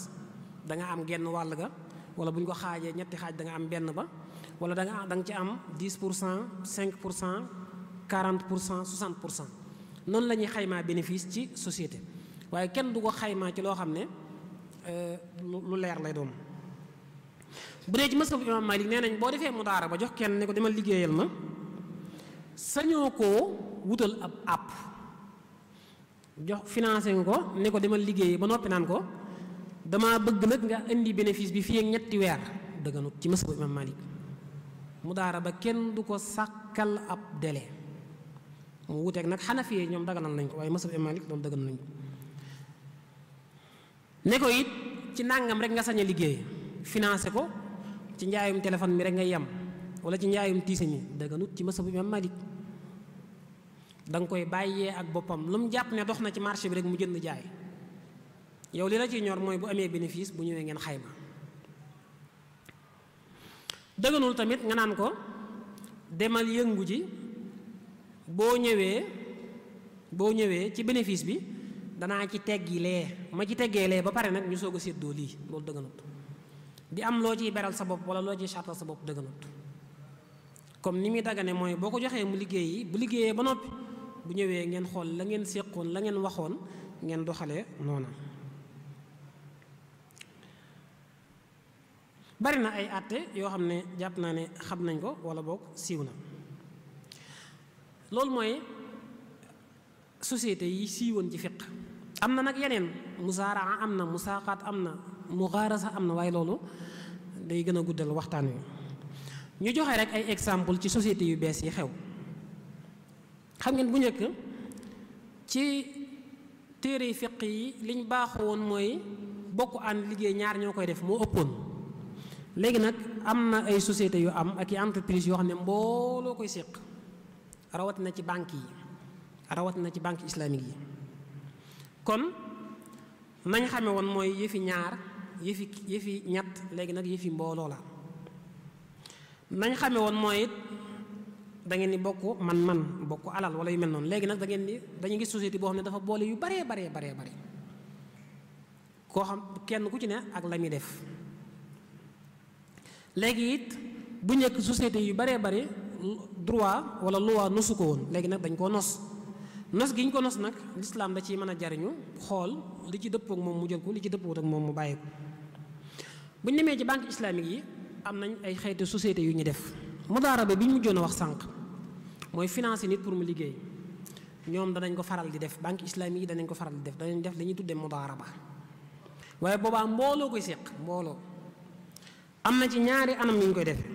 danga am genn wàll ga wala bu ñu ko xaajee ñetti xaaj danga am benn ba wala da nga da nga ci am 10 pour cent 5 pour cent 40 pour cent 60 pour cent noonu la ñuy xaymaa bénéfice ci société waaye kenn du ko xaymaa ci loo xam ne euh, lu leer lay doom bu dee ci masabu imam Malik nee nañ boo defee mu daara ba jox kenn ne ko dama liggéeyal ma sañoo koo wutal ab àpp jox financé nga ko ne ko demal liggéeyee ba noppi naan ko damaa bëgg nag nga indi bénéfice bi fii ak ñetti weer dëgganut ci mës bu imam mu daara ba kenn du ko sàkkal ab dele mu wuteeg nag xanafiyee ñoom daganal nañ ko waaye mës bu imam Malik loolu dëgganal nañ ne ko it ci nàngam rek nga sañ liggéey financé ko ci njaayum téléphone mi rek nga yem wala ci njaayum tiise mi dëgganut ci mës bu imam da nga koy bàyyee ak boppam lu mu jàpp ne dox na ci marché bi rek mu jënd jaay yow li la ciy ñor mooy bu amee bénéfice bu ñëwee ngeen xayma dëgganul tamit nga naan ko demal yëngu ji boo ñëwee boo ñëwee ci bénéfice bi danaa ci teggi lee ma ci teggee lee ba pare nag ñu soo ko séddoo lii loolu dëgganut di am loo ciy beral sa bopp wala loo ciy sartal sa bopp dëgganut comme ni muy dagane mooy boo ko joxee mu liggéeyi bu liggéeyee ba noppi bu ñëwee ngeen xool la ngeen séqoon la ngeen waxoon ngeen doxalee noona bari na ay àtte yoo xam ne jàpp naa ne xam nañ ko wala boog siiw na loolu mooy société yi siiwoon ci fiq am na nag yeneen musaaraa am na musaaqaat am na mugaarasa am na waaye loolu day gën a guddal waxtaan wi ñu joxe rek ay exemple ci société yu bees yi xew xam ngeen bu njëkk ci téere yi fiq yi liñ baaxoo woon mooy bokk ànd liggéey ñaar ñoo koy def moo ëppoon léegi nag am na ay société yu am ak yi entreprise yoo xam ne mbooloo koy séq na ci banque yi rawatina ci banque islamique yi kon nañ xame woon mooy yëfi ñaar yëfi yëfi ñett léegi nag yëfi mbooloo la nañ xame woon mooy da ngeen di bokk man-man bokk alal wala yu mel noonu léegi nag da ngeen dañu gis société boo xam ne dafa boole yu bare baree baree bare koo xam kenn ku ci ne ak la def léegi it bu njëkk société yu baree bari droit wala loi nosu ko woon léegi nag dañ koo nos nos gi ñu ko nos nag lislaam da ciy mën a jariñu xool li ci dëppook moom mu jël ko li ci dëppoot ak moom mu bàyyi ko bu ñu demee ci banque islaamique yi am nañ ay xeetu société yu ñu def mudaaraba bi ñu mujjoon a wax sànq mooy financer nit pour mu liggéey ñoom danañ ko faral di def banque islamique yi danañ ko faral di def danañ def li ñuy tuddee mudaaraba waaye boobaa mbooloo koy séq mbooloo am na ci ñaari anam yu ñu koy defee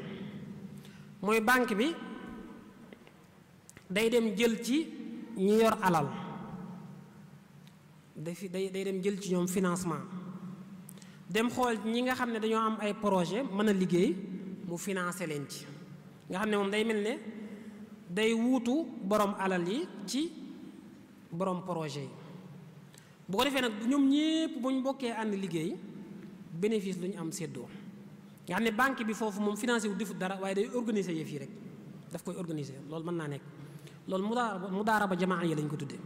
mooy banque bi day dem jël ci ñi yor alal dafi day day dem jël ci ñoom financement dem xool ñi nga xam ne dañoo am ay projet mën a liggéey mu financer leen ci nga xam ne moom day mel ne day wuutu borom alal yi ci borom projet yi bu ko defee nag ñoom ñépp bu ñu bokkee ànd liggéey bénéfice lu ñu am séddoo nga xam ne banque bi foofu moom financé wu defut dara waaye day organiser yëf yi rek daf koy organiser loolu mën naa nekk loolu mudaaraba ba jamaa yi lañ ko tuddee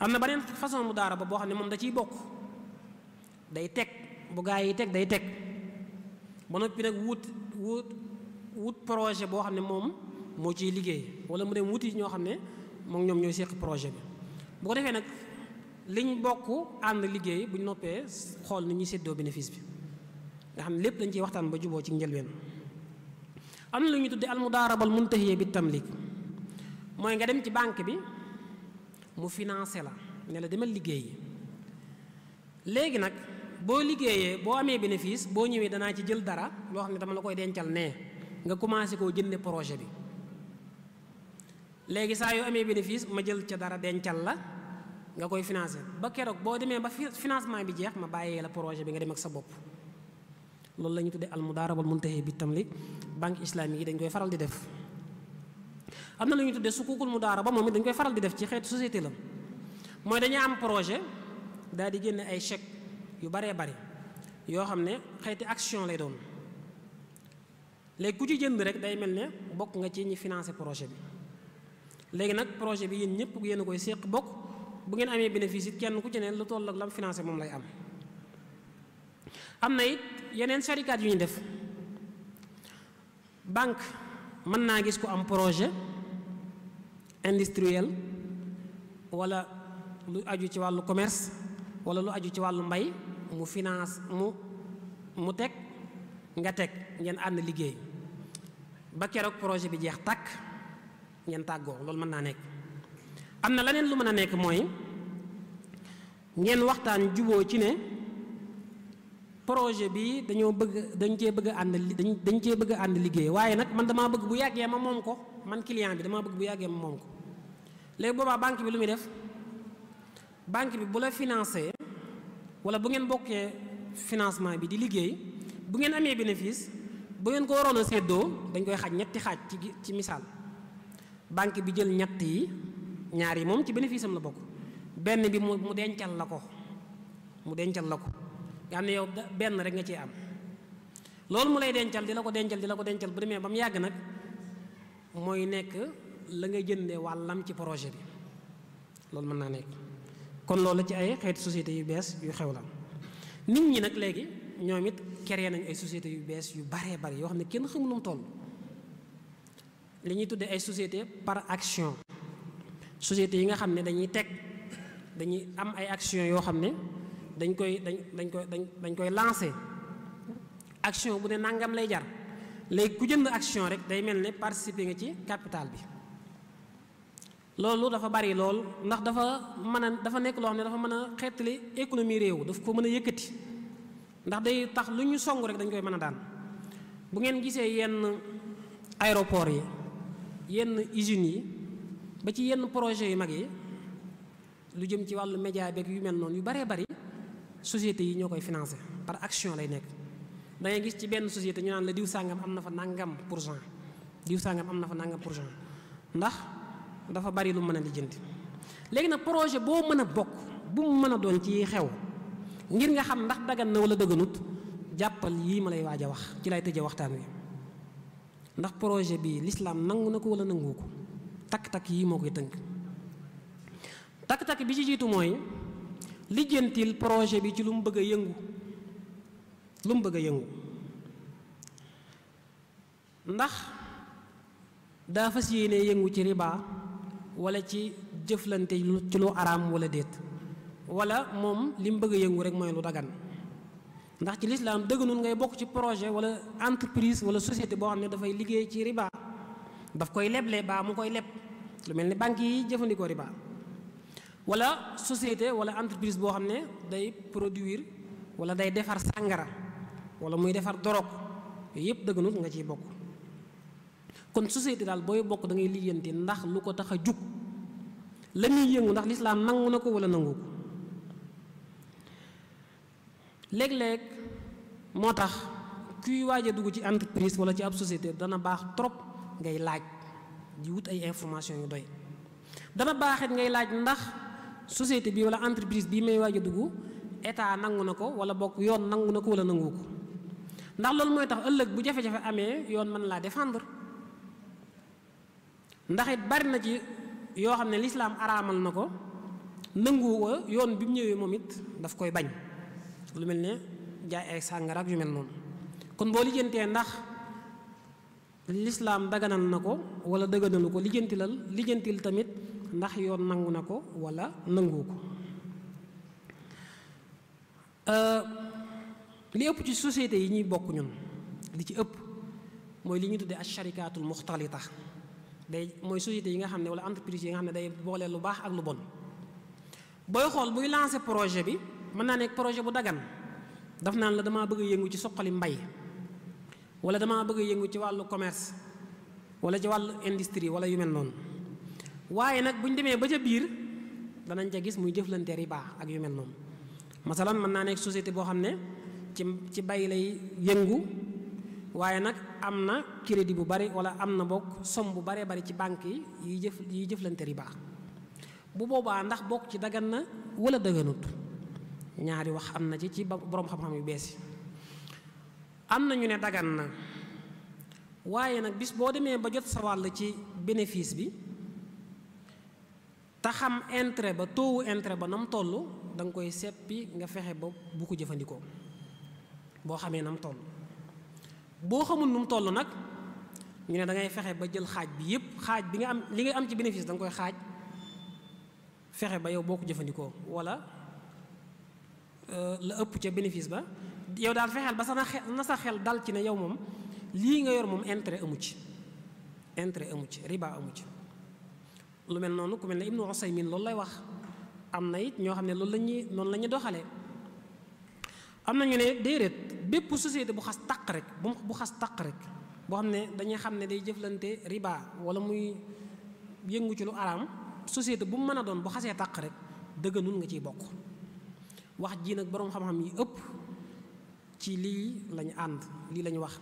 am na beneen façon mu daara ba boo xam ne moom da ciy bokk day teg bu gaa yi teg day teg ba noppi nag wut wut wut projet boo xam ne moom moo ciy liggéey wala mu dem wuti ñoo xam ne moom ñoom ñooy seq projet bi bu ko nag liñ bokk ànd liggéey bu noppee xool ni ñuy séddoo bénéfice bi nga lépp dañ ciy waxtaan ba juboo ci njëlbeen am na lu ñu tuddee almudaarabal muntahiya bi tamlik mooy nga dem ci banque bi mu financé la ne la demal liggéey léegi nag boo liggéeyee boo amee bénéfice boo ñëwee danaa ci jël dara loo xam ne dama la koy dencal nee nga commencé koo jënde projet bi léegi saa yoo amee bénéfice ma jël ca dara dencal la nga koy financé ba keroog boo demee ba financement bi jeex ma bàyyee la projet bi nga dem ak sa bopp loolu la ñu tuddee almudaarabal muntahi bi tamlik banque islamique yi dañ koy faral di def am na lu ñu tuddee sukukul mudaaraba moom dañ koy faral di def ci xeetu société la mooy dañuy am projet daal di génne ay chèque yu baree bari yoo xam ne xeeti action lay doon léegi ku ci jënd rek day mel ne bokk nga ci ñi financé projet bi léegi nag projet bi yéen ñëpp yéen a koy séq bokk bu ngeen amee bénéfice it kenn ku ci lu toll ak lam financé moom lay am am na it yeneen sharikaat yu ñu def banque mën naa gis ko am projet industriel wala lu aju ci wàllu commerce wala lu aju ci wàllu mbay mu finance mu mu teg nga teg ngeen ànd liggéey ba keroog projet bi jeex tàkk ngeen tàggoo loolu mën naa nekk am na leneen lu mën a nekk mooy ngeen waxtaan juboo ci ne projet bi dañoo bëgg dañ cee bëgg a ànd dañ cee bëgg a liggéey waaye nag man damaa bëgg bu yàggee ma moom ko man client bi damaa bëgg bu yàggee ma moom ko léegi boobaa banque bi lu muy def banque bi bu la financé wala bu ngeen bokkee financement bi di liggéey bu ngeen amee bénéfice bu ngeen ko waroon a séddoo dañ koy xaaj ñetti xaaj ci ci misaal banque bi jël ñett yi ñaar yi moom ci bénéfice la bokk benn bi mu mu dencal la ko mu dencal la ko nga xam ne yow benn rek nga cee am loolu mu lay dencal di la ko dencal di la ko dencal bu demee ba mu yàgg nag mooy nekk la nga jëndee wàllam ci projet bi loolu mën naa nekk kon loolu ci ay xeetu société yu bees yu xew la nit ñi nag léegi ñoom it créé nañ ay société yu bees yu baree bari yoo xam ne kenn xamul lu li ñuy tuddee ay société par action société yi nga xam ne dañuy teg dañuy am ay action yoo xam ne dañ koy dañ dañ koy dañ dañ koy lancé action bu ne nangam lay jar léegi ku jënd action rek day mel ne participer nga ci capital bi loolu dafa bari lool ndax dafa mën a dafa nekk loo xam ne dafa mën a xeetali économie réew daf ko mën a yëkkati ndax day tax lu ñu song rek dañ koy mën a daan bu ngeen gisee yenn aéroport yi yenn usines yi ba ci yenn projet yu mag yi lu jëm ci wàllu média beg yu mel noonu yu baree bari sociétés yi ñoo koy financé par action lay nekk da ngay gis ci benn société ñu naan la diw sàngam am na fa nangam pour cent diw am na fa nangam pour cent ndax dafa bari lu mën a lijjanti léegi nag projet boo mën a bokk bu mu mën a doon ci xew ngir nga xam ndax dagan na wala dëgganut jàppal yii ma lay waaj a wax ci lay tëje waxtaan wi ndax projet bi lislaam nangu na ko wala nangu ko takk-takk yi moo koy tënk takk-takk bi ci jiitu mooy lijjantil projet bi ci lu mu bëgg a yëngu lu mu bëgg a yëngu ndax daa fas yéene yëngu ci riba wala ci jëflante ci lu araam wala déet wala moom li mu bëgg a yëngu rek mooy lu dagan ndax ci lislaam dëgg nun ngay bokk ci projet wala entreprise wala société boo xam ne dafay liggéey ci riba daf koy leble baa mu koy leb lu mel ni banque yi jëfandikoo riba wala société wala entreprise boo xam ne day produire wala day defar sàngara wala muy defar dorog yooyu yëpp dëgg nga ciy bokk kon société daal booy bokk da ngay ndax lu ko tax a jug la muy yëngu ndax lislaam nangu na ko wala nangu ko léeg-léeg moo tax kuy waaj a dugg ci entreprise wala ci ab société dana baax trop ngay laaj di wut ay information yu doy dana baaxit ngay laaj ndax société bi wala entreprise bii may waaja dugg état nangu na ko wala bokk yoon nangu na ko wala nangu ko ndax loolu mooy tax ëllëg bu jafe-jafe amee yoon mën laa défendre ndaxit it bari na ci yoo xam ne lislaam araamal na ko nangu ko yoon bi mu ñëwee moom it daf koy bañ lu mel ne jaay ay sàngara yu mel noonu kon boo lijjantee ndax lislaam daganal na ko wala daganalu ko lijjantilal lijjantil tamit ndax yoon nangu na ko wala nangu ko li ëpp ci société yi ñuy bokk ñun li ci ëpp mooy li ñu ñuy tuddee asharikaatul muxtalita day mooy société yi nga xam ne wala entreprise yi nga xam ne day boole lu baax ak lu bon booy xool buy lancer projet bi mën naa nekk projet bu dagan daf naan la damaa bëgg yëngu ci suqali mbay wala damaa bëgg yëngu ci wàllu commerce wala ci wàllu industrie wala yu mel noonu waaye nag bu ñu demee ba ca biir danañ ca gis muy jëflante riba ak yu mel noonu masalan mën naa nekk société boo xam ne ci ci bay lay yëngu waaye nag am na crédit bu bari wala am na bokk som bu baree bari ci banque yi yiy jëf yiy jëflante riba bu boobaa ndax bokk ci daggan na wala daganut ñaari wax am na ci ci boroom xam-xam yu bees yi am na ñu ne dagan na waaye nag bis boo demee ba jot sa wàll ci bénéfice bi te xam intérêt ba toowu intérêt ba nam toll da nga koy seppi nga fexe ba bu ko jëfandikoo boo xamee nam toll boo xamul nu mu toll nag ñu ne dangay fexe ba jël xaaj bi yépp xaaj bi nga am li ngay am ci bénéfice da nga koy xaaj fexe ba yow boo ko jëfandikoo walla Euh, la ëpp ca bénéfice ba yow daal fexeel ba sax na sa xel dal ci ne yow moom lii nga yor moom intérêt amu ci intérêt amu ci riba amu ci lu mel noonu ku mel ne Ibnu Usaymin loolu lay wax am na it ñoo xam ne loolu la noonu lañuy ñuy doxalee am na ñu ne déedéet bépp société bu xas taq rek bu xas taq rek boo xam ne dañuy xam ne day jëflante riba wala muy yëngu ci lu araam société bu mu mën a doon bu xasee taq rek dëgganul nga ciy bokk wax jii nag boroom xam-xam yi ëpp ci lii lañu ànd lii lañu wax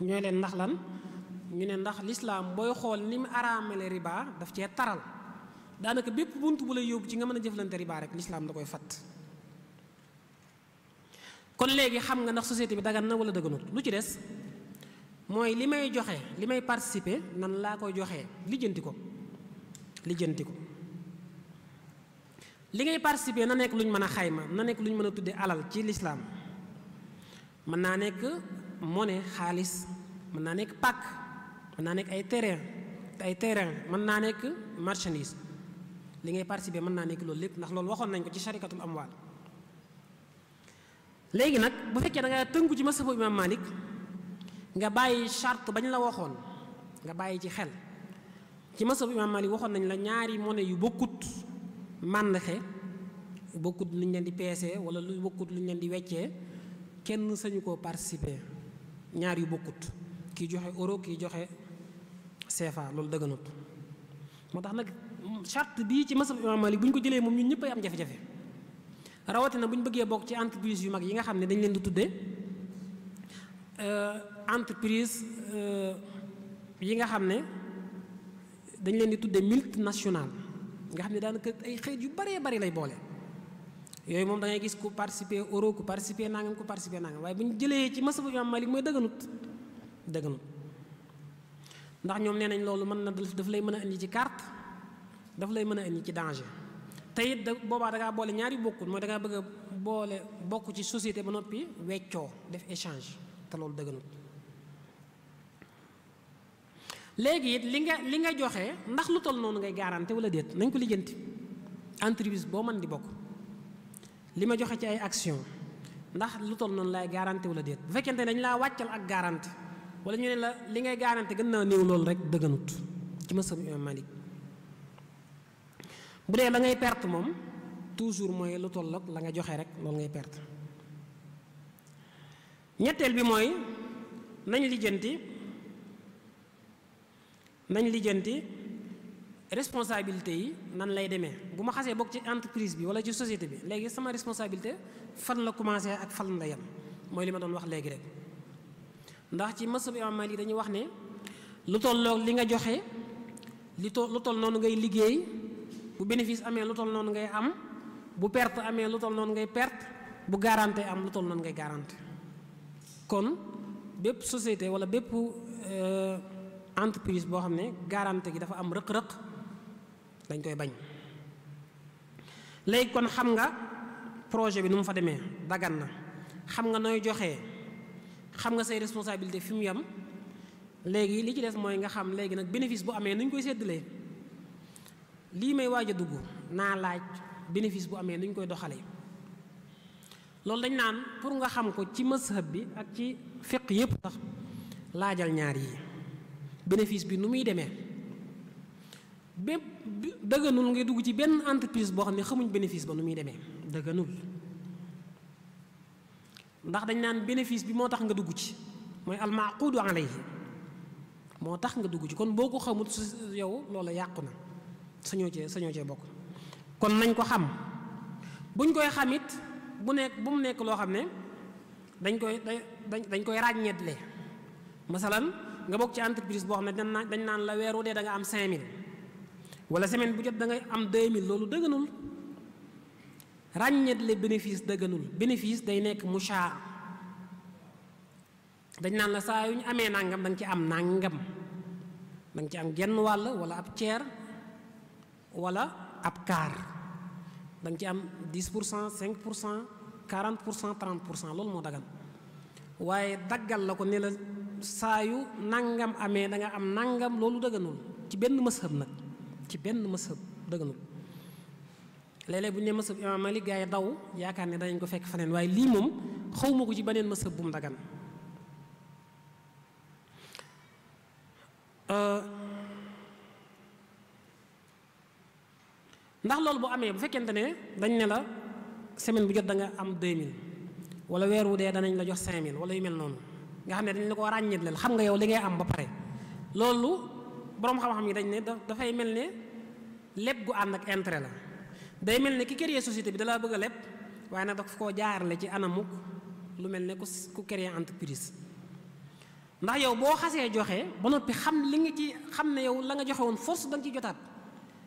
ñooy leen ndax lan ñu ne ndax lislaam booy xool ni mu araamale riba daf cee taral daanaka bépp bunt bu lay yóbbu ci nga mën a jëflante riba rek lislaam da koy fatt kon léegi xam nga ndax société bi dagan na wala daganut lu ci des mooy li may joxe li may participer nan laa koy joxe lijjanti ko lijjanti ko li ngay participer na nekk lu ñu mën a xayma na nekk lu ñu mën a tuddee alal ci lislaam mën naa nekk monnaie xaalis mën naa nekk pàkk mën naa nekk ay terrain ay terrain mën naa nekk marchandise li ngay participer mën naa nekk loolu lépp ndax loolu waxoon nañ ko ci charikatul amwaal léegi nag bu fekkee da nga tënku ci masabu imam Malik nga bàyyi charte bañ la waxoon nga bàyyi ci xel ci masabu imam Malik waxoon nañ la ñaari monnaie yu ba bokkut màndaxe bokkut luñ leen di peesee wala lu bokkut luñ leen di weccee kenn sañu koo participer ñaar yu bokkut kii joxe euro kii joxe CFA loolu dëgganut moo tax nag charte bi ci masab imam bu ñu ko jëlee moom ñun ñëpp ay am jafe-jafe rawatina bu ñu bëggee bokk ci entreprise yu mag yi nga xam ne dañ leen di tuddee euh, entreprise euh, yi nga xam ne dañ leen di tuddee multinationale nga xam ne daanaka ay xëyit yu baree bari lay boole yooyu moom da ngay gis ku participer euro ku participer nangam ku participer nangam waaye bu ñu jëlee ci masabu imam Malik mooy dëgganut dëgganut ndax ñoom nee nañ loolu mën na daf lay mën a indi ci carte daf lay mën a indi ci danger te it da boobaa da ngaa boole ñaari bokkul mooy da ngaa bëgg a boole bokk ci société ba noppi weccoo def échange te loolu dëgganut léegi it li nga li nga joxe ndax lu toll noonu ngay garanté wala déet nañ ko lijjanti entreprise boo man di bokk li ma joxe ci ay action ndax lu toll noonu laay garanté wala déet bu fekkente dañ laa wàccal ak garanté wala ñu ne la li ngay garanté gën naa néew loolu rek dëgganut ci ma sëb imam Malik bu dee la ngay perte moom toujours mooy lu toll ak la nga joxe rek loolu ngay perte ñetteel bi mooy nañ lijjanti nañ lijjanti responsabilité yi nan lay demee bu ma xasee bokk ci entreprise bi wala ci société bi léegi sama responsabilité fan la commencé ak fan la yem mooy li ma doon wax léegi rek ndax ci masab imam Malik dañuy wax ne lu tolloog li nga joxe li to lu toll noonu ngay liggéey bu bénéfice amee lu toll noonu ngay am bu perte amee lu toll noonu ngay perte bu garante am lu toll noonu ngay garantie kon bépp société wala bépp euh, entreprise boo xam ne garantie gi dafa am rëq-rëq dañ koy bañ léegi kon xam nga projet bi nu mu fa demee dagan na xam nga nooy joxee xam nga say responsabilité fi mu yem léegi li ci des mooy nga xam léegi nag bénéfice bu amee nuñ koy séddalee lii may waaj a dugg naa laaj bénéfice bu amee nuñ koy doxalee loolu dañ naan pour nga xam ko ci mazhab bi ak ci fiq yépp sax laajal ñaar yi bénéfice bi nu muy demee bépp dëgganul ngay dugg ci benn entreprise boo xam ne xamuñ bénéfice ba nu muy demee dëgganul ndax dañ naan bénéfice bi moo tax nga dugg ci mooy almaaqudu alayhi moo tax nga dugg ci kon boo ko xamut su yow loola yàqu na sañoo cee sañoo cee bokk kon nañ ko xam buñ koy xamit bu nekk bu mu nekk loo xam ne dañ koy dañ dañ koy ràññeetle masalan nga bokk ci entreprise boo xam ne dañ naan naan la weer wu dee da nga am 5000 wala semaine bu jot da ngay am 2000 loolu dëgganul ràññeetle bénéfice dëgganul bénéfice day nekk mushaa dañ naan la saa yu ñu amee nangam danga nga ci am nangam da ci am genn wàll wala ab ceer wala ab kaar da nga ci am 10 pour cent 5 pour cent 40 pour cent 30 pour cent loolu moo dagan waaye daggal la ko ne la. saa yu nangam amee da nga am nangam loolu dëgënul ci benn mashab nag ci benn mashab dëgganul léeg-léeg bu ñu nee mashab imaam Malik gaa daw yaakaar ne dañ ko fekk feneen waaye lii moom xaw ma ko ci beneen mashab bu mu dagan euh, ndax loolu bu amee bu fekkente ne dañ ne la semaine bu jot da nga am 2000 wala weer wu dee danañ la jox 5000 wala yu mel noonu. nga xam ne dañ la ko ràññeetleel xam nga yow li ngay am ba pare loolu boroom xam-xam yi dañ ne dafay mel ne lépp gu ànd ak intérêt la day mel ne ki créer société bi dalaa bëgg a lépp waaye nag daf koo jaarale ci anamuk lu mel ne ku ku créer entreprise ndax yow boo xasee joxe ba noppi xam li nga ci xam ne yow la nga joxe woon force da nga ciy jotaat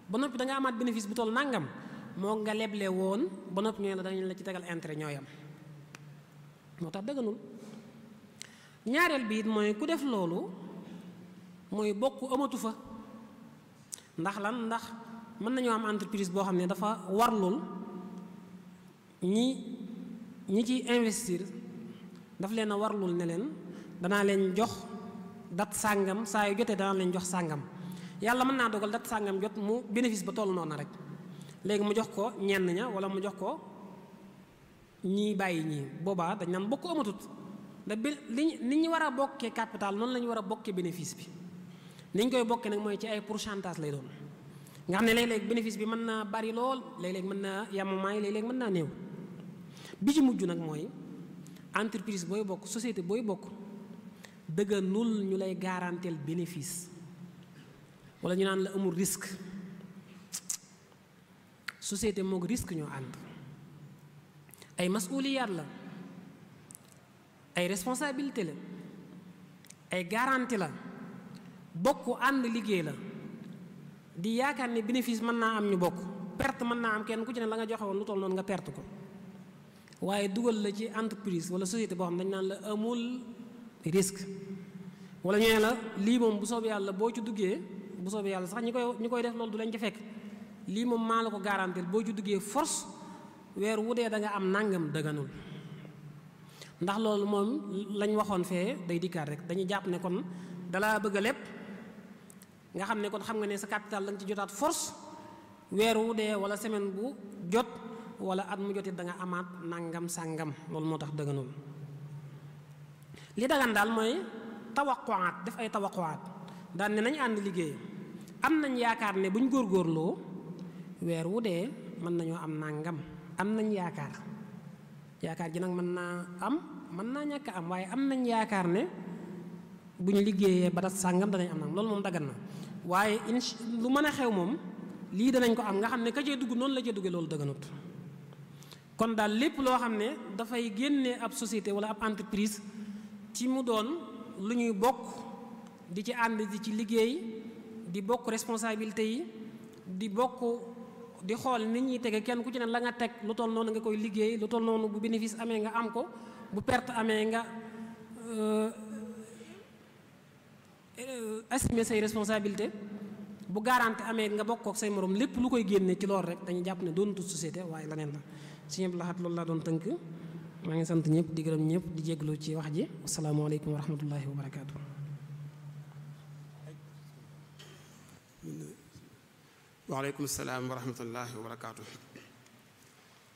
ba noppi danga amaat bénéfice bu tool nangam moo nga leble woon ba noppi ñooy la dañu la ci tegal intérêt ñooyam moo tax dëgganul ñaareel bi it mooy ku def loolu mooy bokk amatu fa ndax lan ndax mën nañoo am entreprise boo xam ne dafa warlul ñi ñi ci investir daf leen a warlul ne leen danaa leen jox dat sàngam saa yu jotee danaa leen jox sàngam yàlla mën naa dogal dat sàngam jot mu bénéfice ba toll noonu rek léegi mu jox ko ñenn ña wala mu jox ko ñii bàyyi ñii boobaa dañ naan bokk amatut ndax bi li ni ñu war a bokkee capital noonu la ñu war a bokkee bénéfice bi ni koy bokkee nag mooy ci ay pourcentage lay doon nga xam ne léeg-léeg bénéfice bi mën naa bari lool léeg-léeg mën naa yamamaay léeg-léeg mën naa néew bi ci mujj nag mooy entreprise booy bokk société booy bokk dëgga nul ñu lay garanteel bénéfice wala ñu naan la amul risque société mook risque ñoo ànd ay masuuliyaat la ay responsabilité la ay garanti la bokk ànd liggéey la di yaakaar ne bénéfice mën naa am ñu bokk perte mën naa am kenn ku ci ne la nga joxe woon lu toll noonu nga perte ko waaye dugal la ci entreprise wala société boo xam dañ naan la amul risque wala ñu ne la lii moom bu soobee yàlla boo ci duggee bu soobee yàlla sax ñi koy ñi koy def loolu du lañ ci fekk lii moom maa la ko garantir boo ci duggee force weer wu dee danga am nangam dëgganul ndax loolu moom lañ waxoon fee day dikkaat rek dañuy jàpp ne kon dalaa bëgg a lépp nga xam ne kon xam nga ne sa capital da ci jotaat force weer wu dee wala semaine bu jot wala at mu jotit da nga amaat nangam sàngam loolu moo tax dëgganul li dagan daal mooy tawaquwaat def ay tawaquwaat daal ne nañ ànd liggéey am nañ yaakaar ne buñ góorgóorloo weer wu dee mën nañoo am nangam am nañ yaakaar yaakaar ji nag mën naa am mën naa ñàkk am waaye am nañ yaakaar ne bu ñu liggéeyee ba sàngam danañ am nag loolu moom dagan na waaye incha lu mën a xew moom lii danañ ko am nga xam ne ka cee dugg noonu la cee duggee loolu daganut kon daal lépp loo xam ne dafay génne ab société wala ab entreprise ci mu doon lu ñuy bokk di ci ànd di ci liggéey di bokk responsabilité yi di bokk di xool nit ñuy tege kenn ku ci ne la nga teg lu toll noonu nga koy liggéey lu toll noonu bu bénéfice amee nga am ko bu perte amee nga euh, assumer say responsabilité bu garanti amee nga bokk say morom lépp lu koy génne ci loolu rek dañu jàpp ne doon tut société waaye leneen la si ñëpp laxat loolu laa doon tënk maa ngi sant ñëpp di gërëm ñëpp di jéglu ci wax ji asalaamaaleykum wa rahmatullahi wa barakaatu. waaleykum salaam wa rahmatullahi wa barakaatu.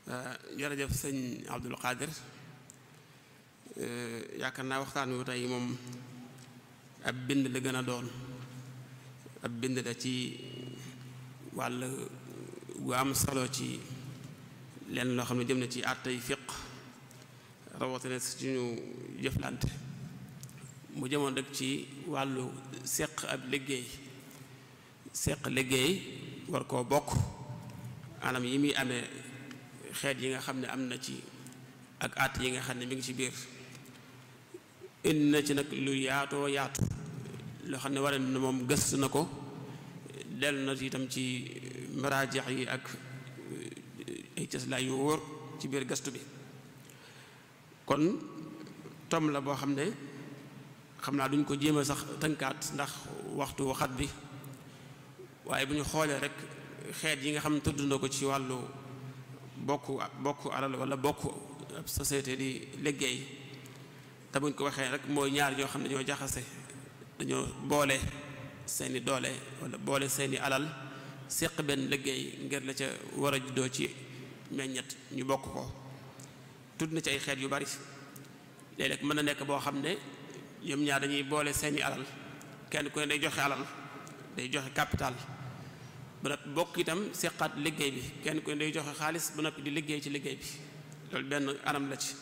Euh, jërëjëf sëñ Abdul Eh, yaakaar naa waxtaan wi tey moom ab bind la gën a doon ab bind la ci wàll gu am solo ci lenn loo xam ne jëm na ci àttay fiq rawatina suñu jëflante mu jëmoon rek ci wàllu seq ab liggéey seq liggéey war koo bokk anam yi muy amee xeet yi nga xam ne am na ci ak àtt yi nga xam ne mu ngi ci biir indi na ci nag lu yaatoo yaatu loo xam ne waree na moom gëstu na ko dellu na itam ci maraajeex yi ak ay cëslaay yu wóor ci biir gëstu bi kon tom la boo xam ne xam naa duñ ko jéem sax tënkaat ndax waxtu waxat bi waaye bu ñu xoolee rek xeet yi nga xam ne tudd na ko ci wàllu bokku bokku alal wala bokk ab société di liggéey te buñ ko waxee rek mooy ñaar ñoo xam ne dañoo jaxase dañoo boole seeni doole wala boole seeni alal séq benn liggéey ngir la ca war a juddoo ci meññet ñu bokk ko tudd na ci ay xeet yu bari léeg-léeg mën na nekk boo xam ne ñoom ñaar dañuy boole seeni alal kenn ku ne day joxe alal day joxe capital ba noppi bokk itam séqaat liggéey bi kenn ku ne day joxe xaalis ba noppi di liggéey ci liggéey bi loolu benn anam la ci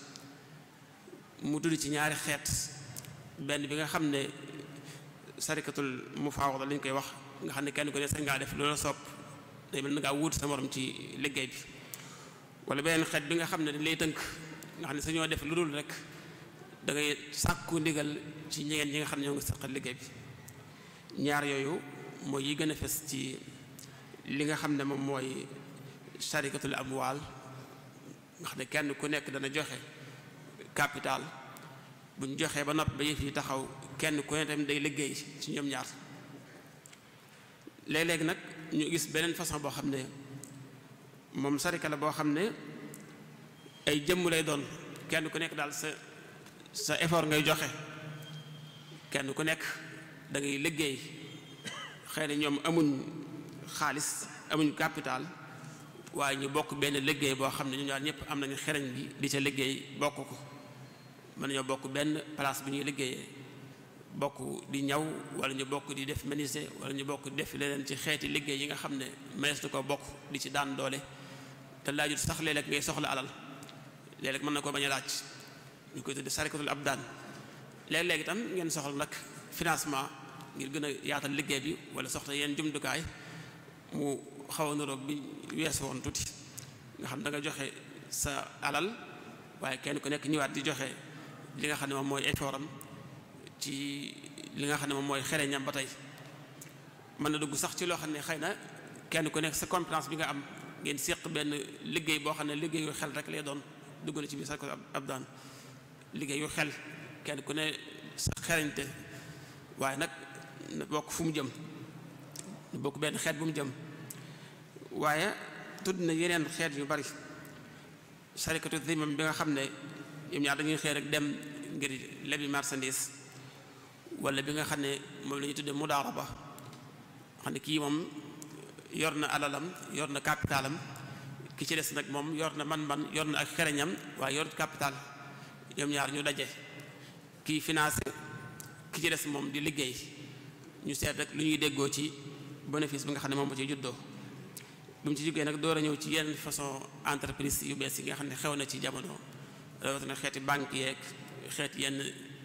mu dul ci ñaari xeet benn bi nga xam ne sarikatul mufaawada lañ koy wax nga xam ne kenn ko ne sañ def loola sopp day mel na ngaa wut sa morom ci liggéey bi wala beneen xeet bi nga xam ne dañ lay tënk nga ne sañoo def lu dul rek da ngay sàkku ndigal ci ñegeen ñi nga xam ne ñoo ngi saqal liggéey yooyu mooy yi gën a fes ci li nga xam ne moom mooy sarikatul amwaal nga xam ne kenn ku nekk dana joxe capital bu ñu joxee ba noppi ba yëf taxaw kenn ku ne tamit liggéey ci ñoom ñaar nag ñu gis beneen façon boo xam ne moom sarika boo xam ne ay jëmm lay doon kenn ku nekk daal sa sa effort ngay joxe kenn ku nekk dangay liggéey xëy na ñoom amuñ xaalis amuñ capital waaye ñu bokk benn liggéey boo xam ne ñu ñaar ñëpp am nañu xereñ bi di ca liggéey bokk ko mën nañoo bokk benn place bu ñuy liggéeyee bokk di ñaw wala ñu bokk di def menuisier wala ñu bokk di def leneen ci xeeti liggéey yi nga xam ne mënees na ko bokk di ci daan doole te laajut sax léeg-léeg ngay soxla alal léeg-léeg mën na ko bañ a laaj ñu koy tudde sarikatul ab daan léeg-léeg itam ngeen soxla nag financement ngir gën a yaatal liggéey bi wala soxla yenn jumtukaay mu xaw a niroog bi wees woon tuuti nga xam da nga joxe sa alal waaye kenn ku nekk ñëwaat di joxe li nga xam ne moom mooy effort am ci li nga xam ne moom mooy xereñam ba tey mën na dugg sax ci loo xam ne xëy na kenn ku nekk sa compétence bi nga am ngeen séq benn liggéey boo xam ne liggéeyu xel rek lay doon dugg na ci biir sax ko ab daan liggéeyu xel kenn ku ne sa xereñte waaye nag bokk fu mu jëm bokk benn xeet bu mu jëm waaye tudd na yeneen xeet yu bari sarikatu zimam bi nga xam ne ñoom ñaar dañuy xëy rek dem ngir lebi marchandise wala bi nga xam ne moom la ñuy tuddee mudaaraba xam ne kii moom yor na alalam yor na capitalam ki ci des nag moom yor na man-man yor na ak xereñam waaye yor capital ñoom ñaar ñu daje kii finance ki ci des moom di liggéey ñu seet rek lu ñuy déggoo ci bénéfice bi nga xam ne moom moo ciy juddoo bi mu ci jógee nag door a ñëw ci yenn façon entreprise yu bees yi nga xam ne xew na ci jamono rawatina xeeti banque yeeg xeet yenn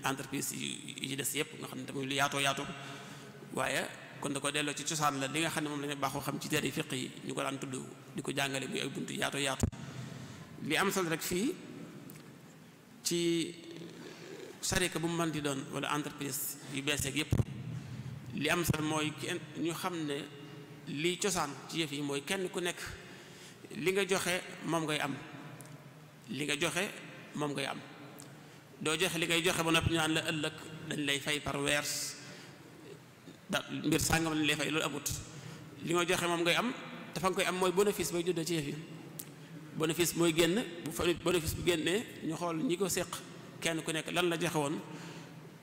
entreprise yi ci des yëpp nga xam ne tamit lu yaatoo yaatoo waaye kon da ko delloo ci cosaan la li nga xam ne moom la ñu baaxoo xam ci teer yi fiq ñu ko daan tudd di ko jàngale muy ay buntu yaatoo yaatu li am solo rek fii ci sarika bu mu mën di doon wala entreprise yi bees yeeg yëpp li am solo mooy ñu xam ne lii cosaan ci yëf yi mooy kenn ku nekk li nga joxe moom ngay am li nga joxe moom ngay am doo joxe li ngay joxe ba noppi ñu naan la ëllëg dañ lay fay par weer da mbir sàngam lañ lay fay loolu amut li nga joxe moom ngay am dafa nga koy am mooy bénéfice bay juddoo ci bénéfice mooy génn bu fa bénéfice bu génnee ñu xool ñi ko séq kenn ku nekk lan la joxe woon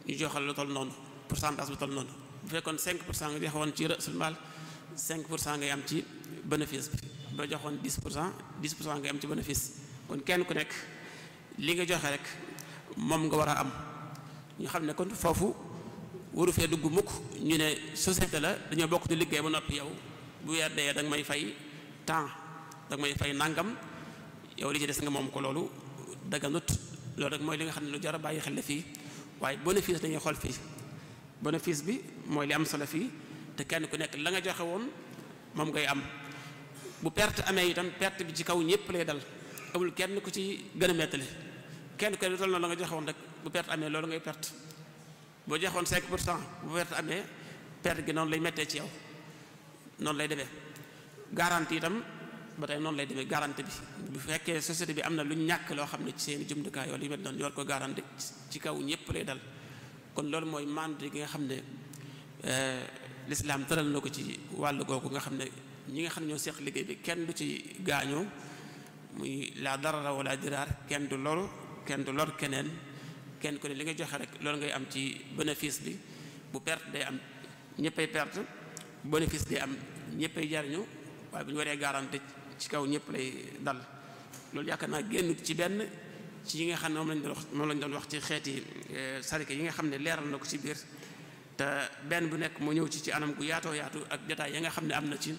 ñu joxal lu toll noonu pourcentage bu toll noonu bu fekkoon 5 cent nga joxe ci rasul maal 5 pour cent ngay am ci bénéfice bi ba joxoon 10 pour cent 10 pour cent ngay am ci bénéfice kon kenn ku nekk li nga joxe rek moom nga war a am ñu xam ne kon foofu waru fee dugg mukk ñu ne société la dañoo bokk di liggéey ba noppi yow bu weer dee da nga may fay temps da may fay nangam yow li ci des nga moom ko loolu daganut loolu rek mooy li nga xam ne lu jar a bàyyi xel la fii waaye bénéfice dañuy xool fii bénéfice bi mooy li am solo fii te kenn ku nekk la nga joxe woon moom ngay am bu perte amee itam perte bi ci kaw ñëpp lay dal amul kenn ku ci gën mettali kenn kenn lu toll noonu la nga joxewoon rek bu perte amee loolu ngay perte boo joxewoon 5 pour cent bu perte amee perte gi noonu lay mettee ci yow noonu lay demee garantie itam ba noonu lay demee garantie bi bu fekkee société bi am na lu ñàkk loo xam ne ci seen jumtukaay wala yu mel noonu ko garantie ci kaw ñëpp lay dal kon loolu mooy mandat gi nga xam ne euh, lislaam tëral na ko ci wàll googu nga xam ne ñi nga xam ne ñoo seq liggéey bi kenn du ci gaañoo muy la darara wala diraar kenn du loru kenn du keneen kenn ku ne li nga joxe rek loolu ngay am ci bénéfice bi bu perte day am ñëppay perte bénéfice day am ñëppay jariñu waaye bu ñu waree garante ci kaw ñëpp lay dal loolu yaakaar naa génn ci benn ci yi nga xam ne moom lañ doon wax moom lañ doon wax ci xeeti e, sarike yi nga xam ne leeral na ko ci biir te benn bu nekk mu ñëw ci ci anam gu yaatoo yaatu ak jotaay ya nga xam ne am na ci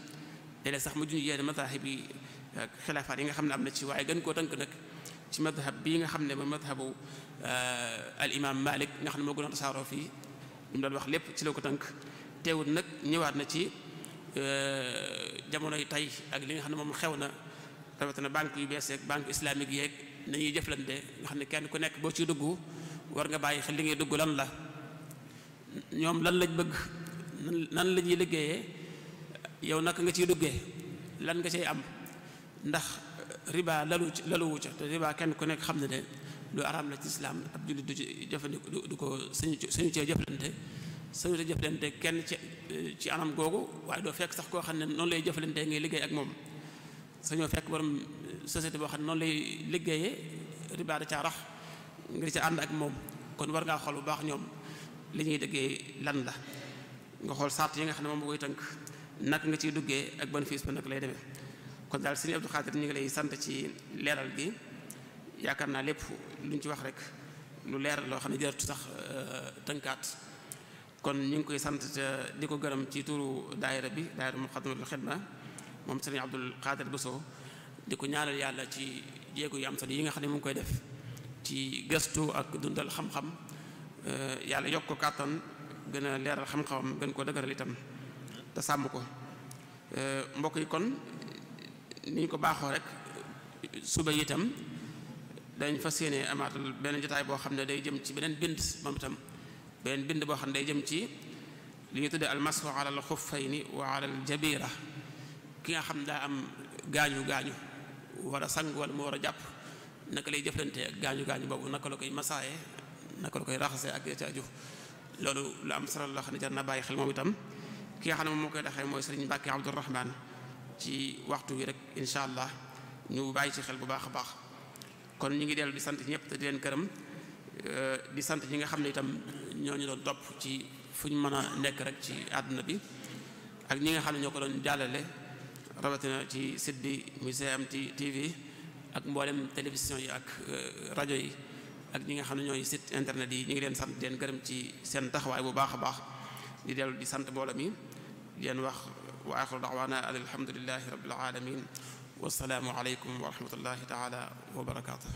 léeg sax mu junj yéen mazahib bi ak xilaafaat yi nga xam ne am na ci waaye gën koo tënk nag ci madhab bii nga xam ne mooy madhabu euh, al imam malik nga xam ne moo gënoon tasaaroo fii li mu doon wax lépp ci la ko tënk teewut nag ñëwaat na ci euh, jamono yi tey ak li nga xam ne moom xew na na banque yu bees yeeg banque islamique yeeg nañuy jëflante nga xam ne kenn ku nekk boo ciy dugg war nga bàyyi xel li ngay dugg lan la ñoom lan lañ bëgg nan la ñuy liggéeyee yow naka nga ciy duggee lan nga cay am ndax riba lalu ci wu ca te riba kenn ku nekk xam ne de lu araam la ci islaam ab jullit du ci jëfandiku du ko sañu sañu cee jëflante sañu cee jëflante kenn ci ci anam googu waaye doo fekk sax koo xam ne noonu lay jëflante ngay liggéey ak moom sañoo fekk borom société boo xam ne noonu lay liggéeyee riba da caa rax nga ànd ak moom kon war ngaa xool bu baax ñoom li ñuy déggee lan la nga xool sart yi nga xam ne moom bu koy tënk nak nga ciy duggee ak ban bénéfice ba nak lay demee kon daal sëñ Abdou Khadir ñu ngi lay sant ci leeral gi yaakaar naa lépp luñ ci wax rek lu leeral loo xam ne jaratu sax euh, tënkaat kon ñu ngi koy sant te di ko gërëm ci turu daayira bi daayira Moukhaddamatoul Khidma moom sëñ Abdou Khadir Bousso di ko ñaanal yàlla ci jéego yu am yi nga xam ne mu ngi koy def ci gëstu ak dundal xam-xam euh, yàlla yokk ko kàttan gën a leeral xam-xamam gën koo dëgëral itam te sàmm ko euh, mbokk yi kon ni ko baaxoo rek suba itam dañ fas yéene amaatal benn jotaay boo xam ne day jëm ci beneen bind moom itam beneen bind boo xam ne day jëm ci li ñu tudde almasxu ala al xuffayni wa ala al jabira ki nga xam daa am gaañu gaañu war a sang wala mu war a jàpp naka lay jëflante ak gaañu gaañu boobu naka la koy masaaye naka la koy raxasee ak ci aju loolu lu am solo loo xam ne jar na bàyyi xel moom itam ki nga xam ne moom moo koy doxee mooy sëriñ Mbàkke Abdourahman ci waxtu wi rek incha allah ñu bàyyi ci xel bu baax a baax kon ñu ngi dellu di sant ñëpp te di leen gërëm euh, di sant ñi nga xam ne itam ñoo ñu doon topp ci fu mën a nekk rek ci àdduna bi ak ñi nga xam ne ñoo ko doon jàllale rawatina ci site bi muy GMT TV ak mboolem télévision yi ak euh, rajo yi ak ñi nga xam ne ñooy site internet yi ñu ngi leen sant di leen gërëm ci seen taxawaay bu baax a baax di dellu di sant mbooloo mi leen wax. wa axiru daawaana an alhamdulilahi rabil alamin wasalaamu aleykum wa rahmatullahi taala wa barakatuh